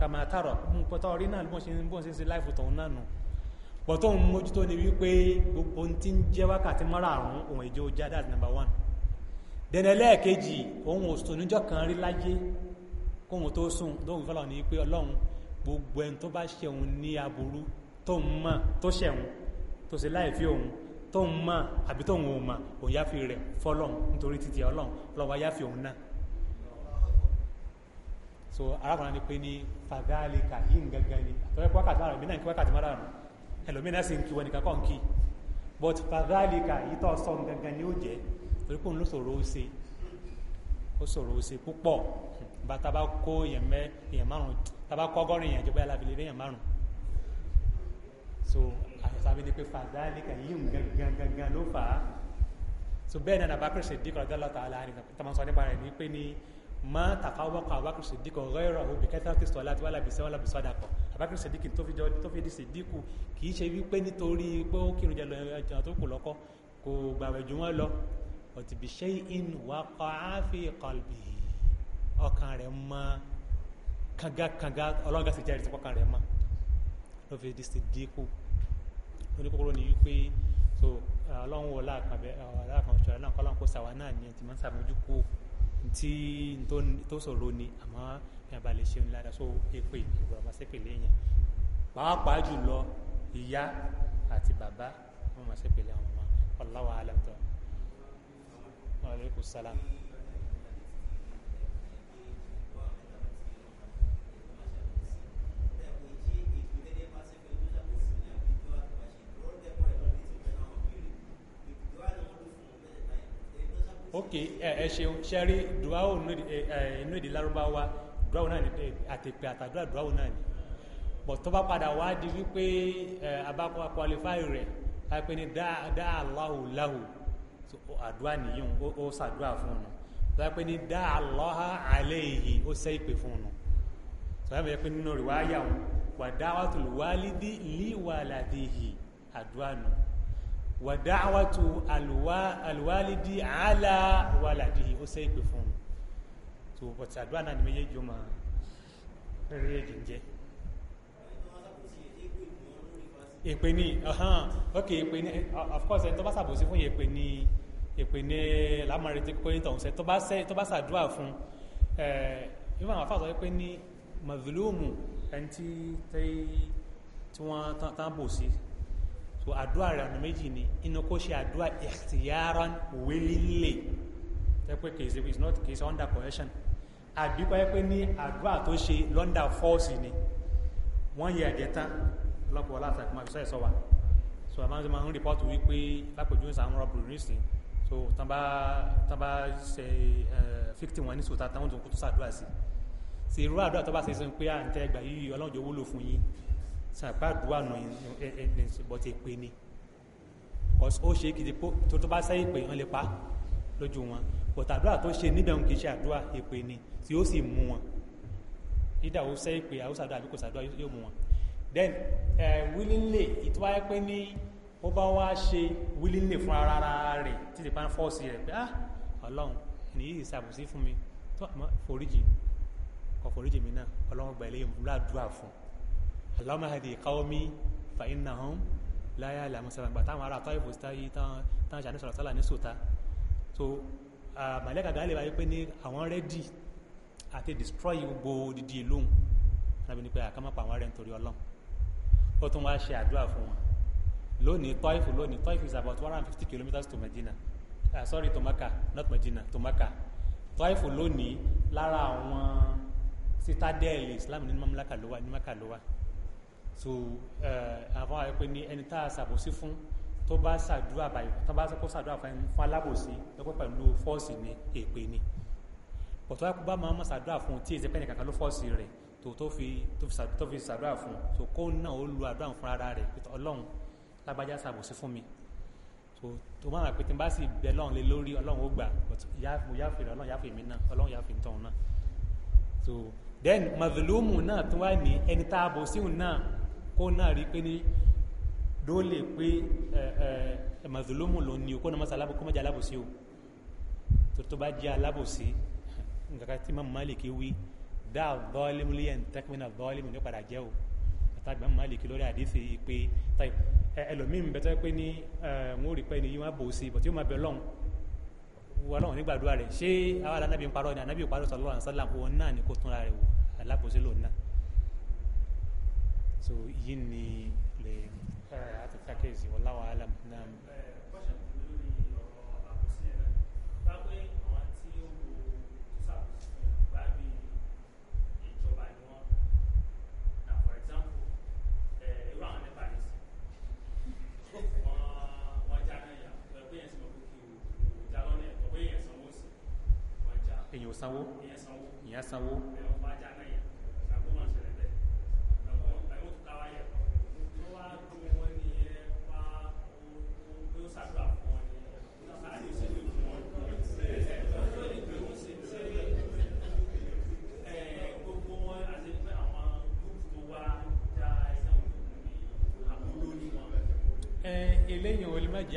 kàmátàrọ̀ pọ̀tọ́ orí náà bọ́n ṣe ń bọ́n ṣe ń ṣe láìfò tọ̀hún náà nù pọ̀tọ́ òun mójútó ni wípé gbogbo ohun tí ń jẹ́ wákàtí márààrún òun èjò já that's number one dẹ̀nẹ̀ lẹ́ẹ̀kejì òun òsùn níjọ́ kan rí láyé kóhun tó sùn lóhun fọlọ́ ni pé ọlọ́run gbogbo ẹni tó bá ṣẹ̀hun ní aburú tóun mọ̀ tó ṣẹ̀hun tó ṣe láìfí òun tóun mọ̀ àbí tóun ò mọ̀ òun yáfi rẹ̀ fọlọ́run nítorí títí ọlọ́run ọlọ́run wá yáfi òun náà so arákùnrin ni pé ní fàdáàlì kàyí ngangan ni àtọ́wẹ́ wákàtí márùn-ún mìíràn kí wákàtí márùn-ún ẹlòmíràn sì ń kí wọn nìkan kọ́ kí but fàdáàlì kàyí tọ́ sọ ngangan ni ó jẹ́ torí pé òun ló ṣòro ó ṣe ó ṣòro ó ṣe púpọ̀ bá taba kó èèyàn mẹ́ èèyàn márùn-ún taba kọ́ ọgọ́rin èèyàn jẹ́gbẹ́ alábìlẹ̀ èèyàn márùn-ún so àtàbí ni pé fàdáàlì kàyí ngangan gangan ló fà á so bẹ́ẹ̀ ni àbákẹ́rẹ́ ṣe dín ma tafawọkọ abakiri sidiki ọgọrọ obi kẹta ti sọ láti wàlàbí sẹ wàlàbí sọdakọ abakiri sidiki tó fi jọ tó fi di sidiku kì í ṣe wípé nítorí pé ó kírun jẹ lọ ẹjọ tó kù lọkọ kò gbàwẹ̀ jù wọn lọ ọtìbí ṣe in wakọ àfi kọlbì ọkàn rẹ̀ mọ́ kangakanga ọlọ́ngà sì jẹ́rìí sí ọkàn rẹ̀ mọ́ ló fi di sidiku oníkókóró ni wípé so ọlọ́run wọlá àkànṣe ọ̀rẹ́ náà kọ́ ọlọ́run kó sàwọn náà ní ẹ̀ tí wọ́n ń sàmójú kú o tí tó sọ̀rọ̀ ni àmọ́ ìyàbá lè ṣe ńlá so èpè ìgbọ̀rọ̀ máa ṣépè léèyàn pàápàá jùlọ ìyá àti bàbá wọn máa ṣépè lé àwọn ọmọ ọláwà alẹ́ ok ẹ ẹ ṣeun ṣe rí duwawo inú èdè lárúbáwá duwawo náà ni àtẹ̀pẹ́ àtàdúrà duwawo náà ni bọ̀ tó bá padà wá di wípé abakọ̀ qualify rẹ̀ àpè ní dá Allahu lahu àdúrà nìyẹn ó ṣàdúrà fún un tó bá pè ní dá Allaha alayhi ó ṣe ìpè fún un tó bá pè nínú rẹ̀ wáyà wọn wà dáwàtul walidi liwaladihi àdúrà nù wà dáwàtú alwálidi àlà wàlàdì ó ṣe ìpè fún un tó bọ̀tí àdúrà náà ni méjèèjì ó máa rí èdè jẹ́ èpè ní uh-huh. ok èpè ní uh, of course ẹni tó bá ṣàbòsí fún yẹn èpè èpè ní lámàrin tí kò ní tọ̀hún tó bá ṣàdúrà fún ìwọ̀n eh, àwọn afáàsọ pé ní mazlumu ẹni tí wọ́n tán bòsí so àdúrà rẹ̀ ọ̀nà méjì ni inú kó ṣe àdúrà ikhtiyaran willingly tẹ́ pé kì í ṣe it's not kì í ṣe under coercion àbí pé pé ní àdúrà tó ṣe lọ́ndà fọ́ọ̀sì ni wọ́n yẹ ẹ̀jẹ̀ tán lọ́pọ̀ látàkì máa fi sọ́ ẹ̀sọ́ wa so àmọ́ ṣe máa ń rìpọ́tù wípé lápèjúwe sàmúrọ̀ bùrù nísìnyí so tán bá tán bá ṣe fíktì wọn ní sòtá táwọn tó ń kó tó ṣàdúrà sí ṣe irú àdúrà tó bá ṣe sọ pé à ń tẹ́ ẹgbà yìí ọlọ́run jọ wúlò fún yín sàgbàdúrà nù bọ́tẹ̀ pé ni ó ṣe kìdí tó tó bá sẹ́yìn pé wọ́n lè pa lójú wọn pọ̀tàdúrà tó ṣe níbẹ̀ ń kì ṣe àdúrà èpè ni tí ó sì mú wọn nídà ó sẹ́yìn pé àwọn sàdúrà àbí kò sàdúrà yóò mú wọn then willingly ìtúwáyé pé ní ó bá wá ṣe willingly fún ara rẹ̀ títí pa fọ́ọ̀sì rẹ̀ pé ah ọlọ́run nìyí ìsàbòsí fún mi tó àmọ́ foríjì kọ foríjì mi náà ọlọ́run gbà ilé ìmúládùá fún un اللهم هذه قومي فإنهم لا يعلمون سبحانك بتاعهم على طيب وستاي تان تان جانب صلى الله نسوتا. وسلم so màlẹ́kà gàlẹ́ báyìí pé ní àwọn rẹ́dì àti destroy gbogbo odidi ìlú nàbí ni pé àkàmọ́pọ̀ ah, àwọn rẹ̀ nítorí ọlọ́run ó tún wá ṣe àdúrà fún wọn lónìí tọ́ìfù lónìí is about one hundred and fifty kilometres to Medina uh, sorry to Mecca not Medina to Mecca tọ́ìfù lónìí lára àwọn citadel Islam ní mamlaka ló wà ní Mecca so eh, àwọn àìpé ni ẹni tá a ṣàbòsí fún tó bá ṣàdúrà báyìí tó bá kó ṣàdúrà fún alábòsí lọ́pọ̀ pẹ̀lú fọ́ọ̀sì ni èpè ni pọ̀tọ́ àìpé bá máa ṣàdúrà fún tí èsì pẹ́ẹ́nì kankan ló fọ́ọ̀sì rẹ̀ tó tó fi tó fi ṣàdúrà fún tó kó náà ó lu àdúrà fún ara rẹ̀ pé ọlọ́run lágbájá ṣàbòsí fún mi tó tó máa rà pé tí n bá sì bẹ lọ́run lé lórí ọlọ́run ó gbà mo yáfè rẹ̀ ọlọ́run yáfè mi náà ọlọ́run yáfè ń then mazlumu náà tó wá ní ẹni tá a bò síhùn náà kó náà rí pé ní dóòlè pé mazulumu ló ní o kó náà masa alábò kó má jẹ alábòsí o tó tó bá jẹ alábòsí nǹkan tí Imam Malik wí dá dọ́ọ̀lẹ́mù lẹ́yìn tẹ́kùnmínà dọ́ọ̀lẹ́mù ní padà jẹ́ o àtàgbà Malik lórí àdéhìí yìí pé táyì ẹlòmíín bẹ tọ́ pé ní wọn ò rí pé ní yín wọn bò ó sí bọ̀tí yóò máa bẹ lọ́hùn wọn lọ́hùn nígbàdúrà rẹ̀ ṣé àwọn alábìín parọ́ ni anábìín parọ́ sọ̀rọ̀ lọ́wọ́ àǹsálà wọn náà ni kò túnra rẹ̀ wò alábòsí lòun náà so yìí ni lè àti sàkéyèsí wallahu alam náà. èèyàn sanwó èèyàn sanwó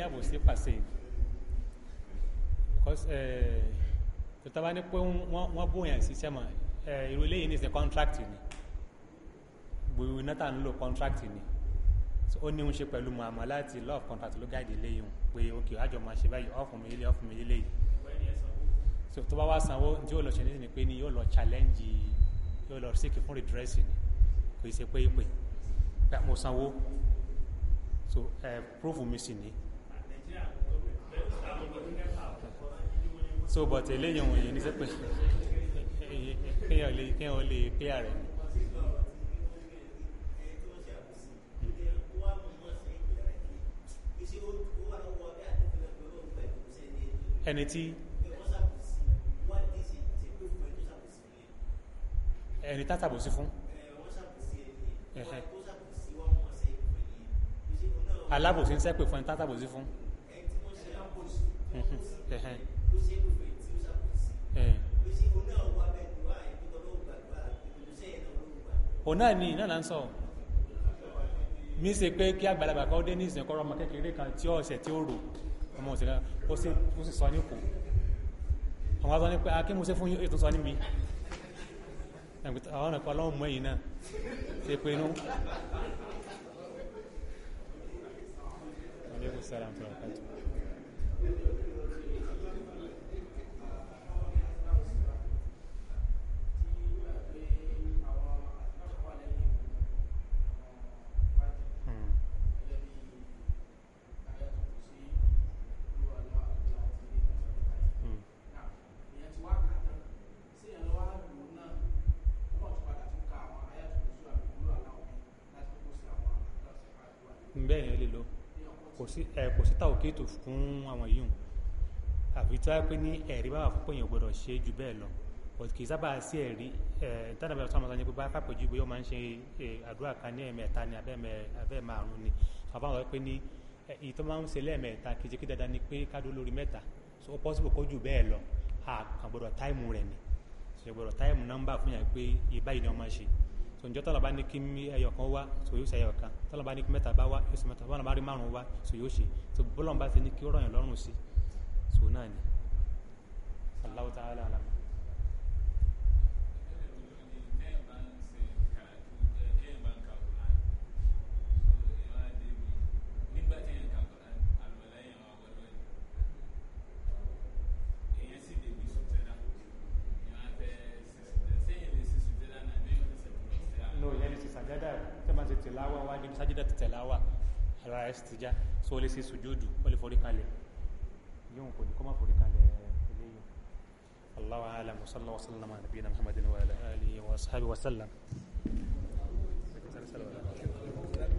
àbòsí pàṣẹ eh, tó tábà ní pé wọ́n bóyá ṣiṣẹ́ mọ̀ irú eléyìí ní ṣe contract ni gbòòrò náà ń lò contract ni ó ní ń ṣe pẹ̀lú muhammed láti law of contract ló gáàdì léyìn pé òkè àjọ máa ṣe báyìí ọ̀fun mi lé ọ̀fun mi lé léyìí so tó bá wá sanwó tí yóò lọ ṣe nísìnyí pé ni yóò lọ challenge yóò lọ seek fún redressing kò ṣe pé pé mo sanwó so ẹ eh, proof mi sì ni so but eléyìí òun yìí ní sẹ́pẹ̀ kéèyàn lè kéèyàn lè pé ààrẹ ni. ẹni tí ẹni tá tàbó sí fún alábòsí ń sẹ́pẹ̀ fún ẹni tá sí fún òun náà ni iná là ń sọ mi ṣe pé kí àgbàlagbà kan dé ní ìsìn kọ́rọ́ ọmọ kékeré kan tí ọ̀sẹ̀ tí ó rò ọmọ òsè náà ó sì sọ ní kò àwọn azọ́ ní pé akímúṣe fún ètò sọ ní mi àwọn ọ̀nà kan lọ́wọ́ mọ́ èyí náà ṣe pé inú kàtò fún àwọn yìí hùn àfi tó wáyé pé ní ẹ̀rí bá wà fún pé èèyàn gbọ́dọ̀ ṣe jù bẹ́ẹ̀ lọ kì í sábà sí ẹ̀rí tánà bẹ́ẹ̀ sọ́mọ́sọ́ ni pé bá pàpẹ́jù bóyá ó máa ń ṣe eh, àdúrà kan ní ẹ̀mẹ́ta ni abẹ́ẹ̀ márùn ni àbá wọn pé ní eh, èyí tó máa ń ṣe lẹ́ẹ̀mẹ́ta kì í ṣe kí dandan ni pé ká dó lórí mẹ́ta so ó pọ́sibò kó jù bẹ́ẹ̀ lọ àgbọ̀dọ̀ táìmù rẹ̀ ni ṣùgbọ́n táìmù nọ́mbà fún yàn pé ìbáyìí ni wọ́n máa ń ṣe so njọ tọ́lọ̀ bá ní kí ẹyọ kan wá so yóò ṣe ẹyọ kan tọ́lọ̀ bá ní kí mẹ́ta bá wá yóò ṣe mẹ́ta bọ́lọ̀ bá rí so yóò ṣe so bọ́lọ̀ bá ti ní kí ó rọ̀yàn lọ́rùn so náà ni ta'ala alam sájídà ti tẹ̀láwà ẹ̀rọ ẹ̀sìtìjà so ó lè ṣe sùjúdù ó lè forí kalẹ̀ yóò kò ní kó má forí kalẹ̀ eléyìí Allahu a'lam wa sallallahu wa sallama ala nabiyyina Muhammadin wa ala alihi wa ashabihi wa sallam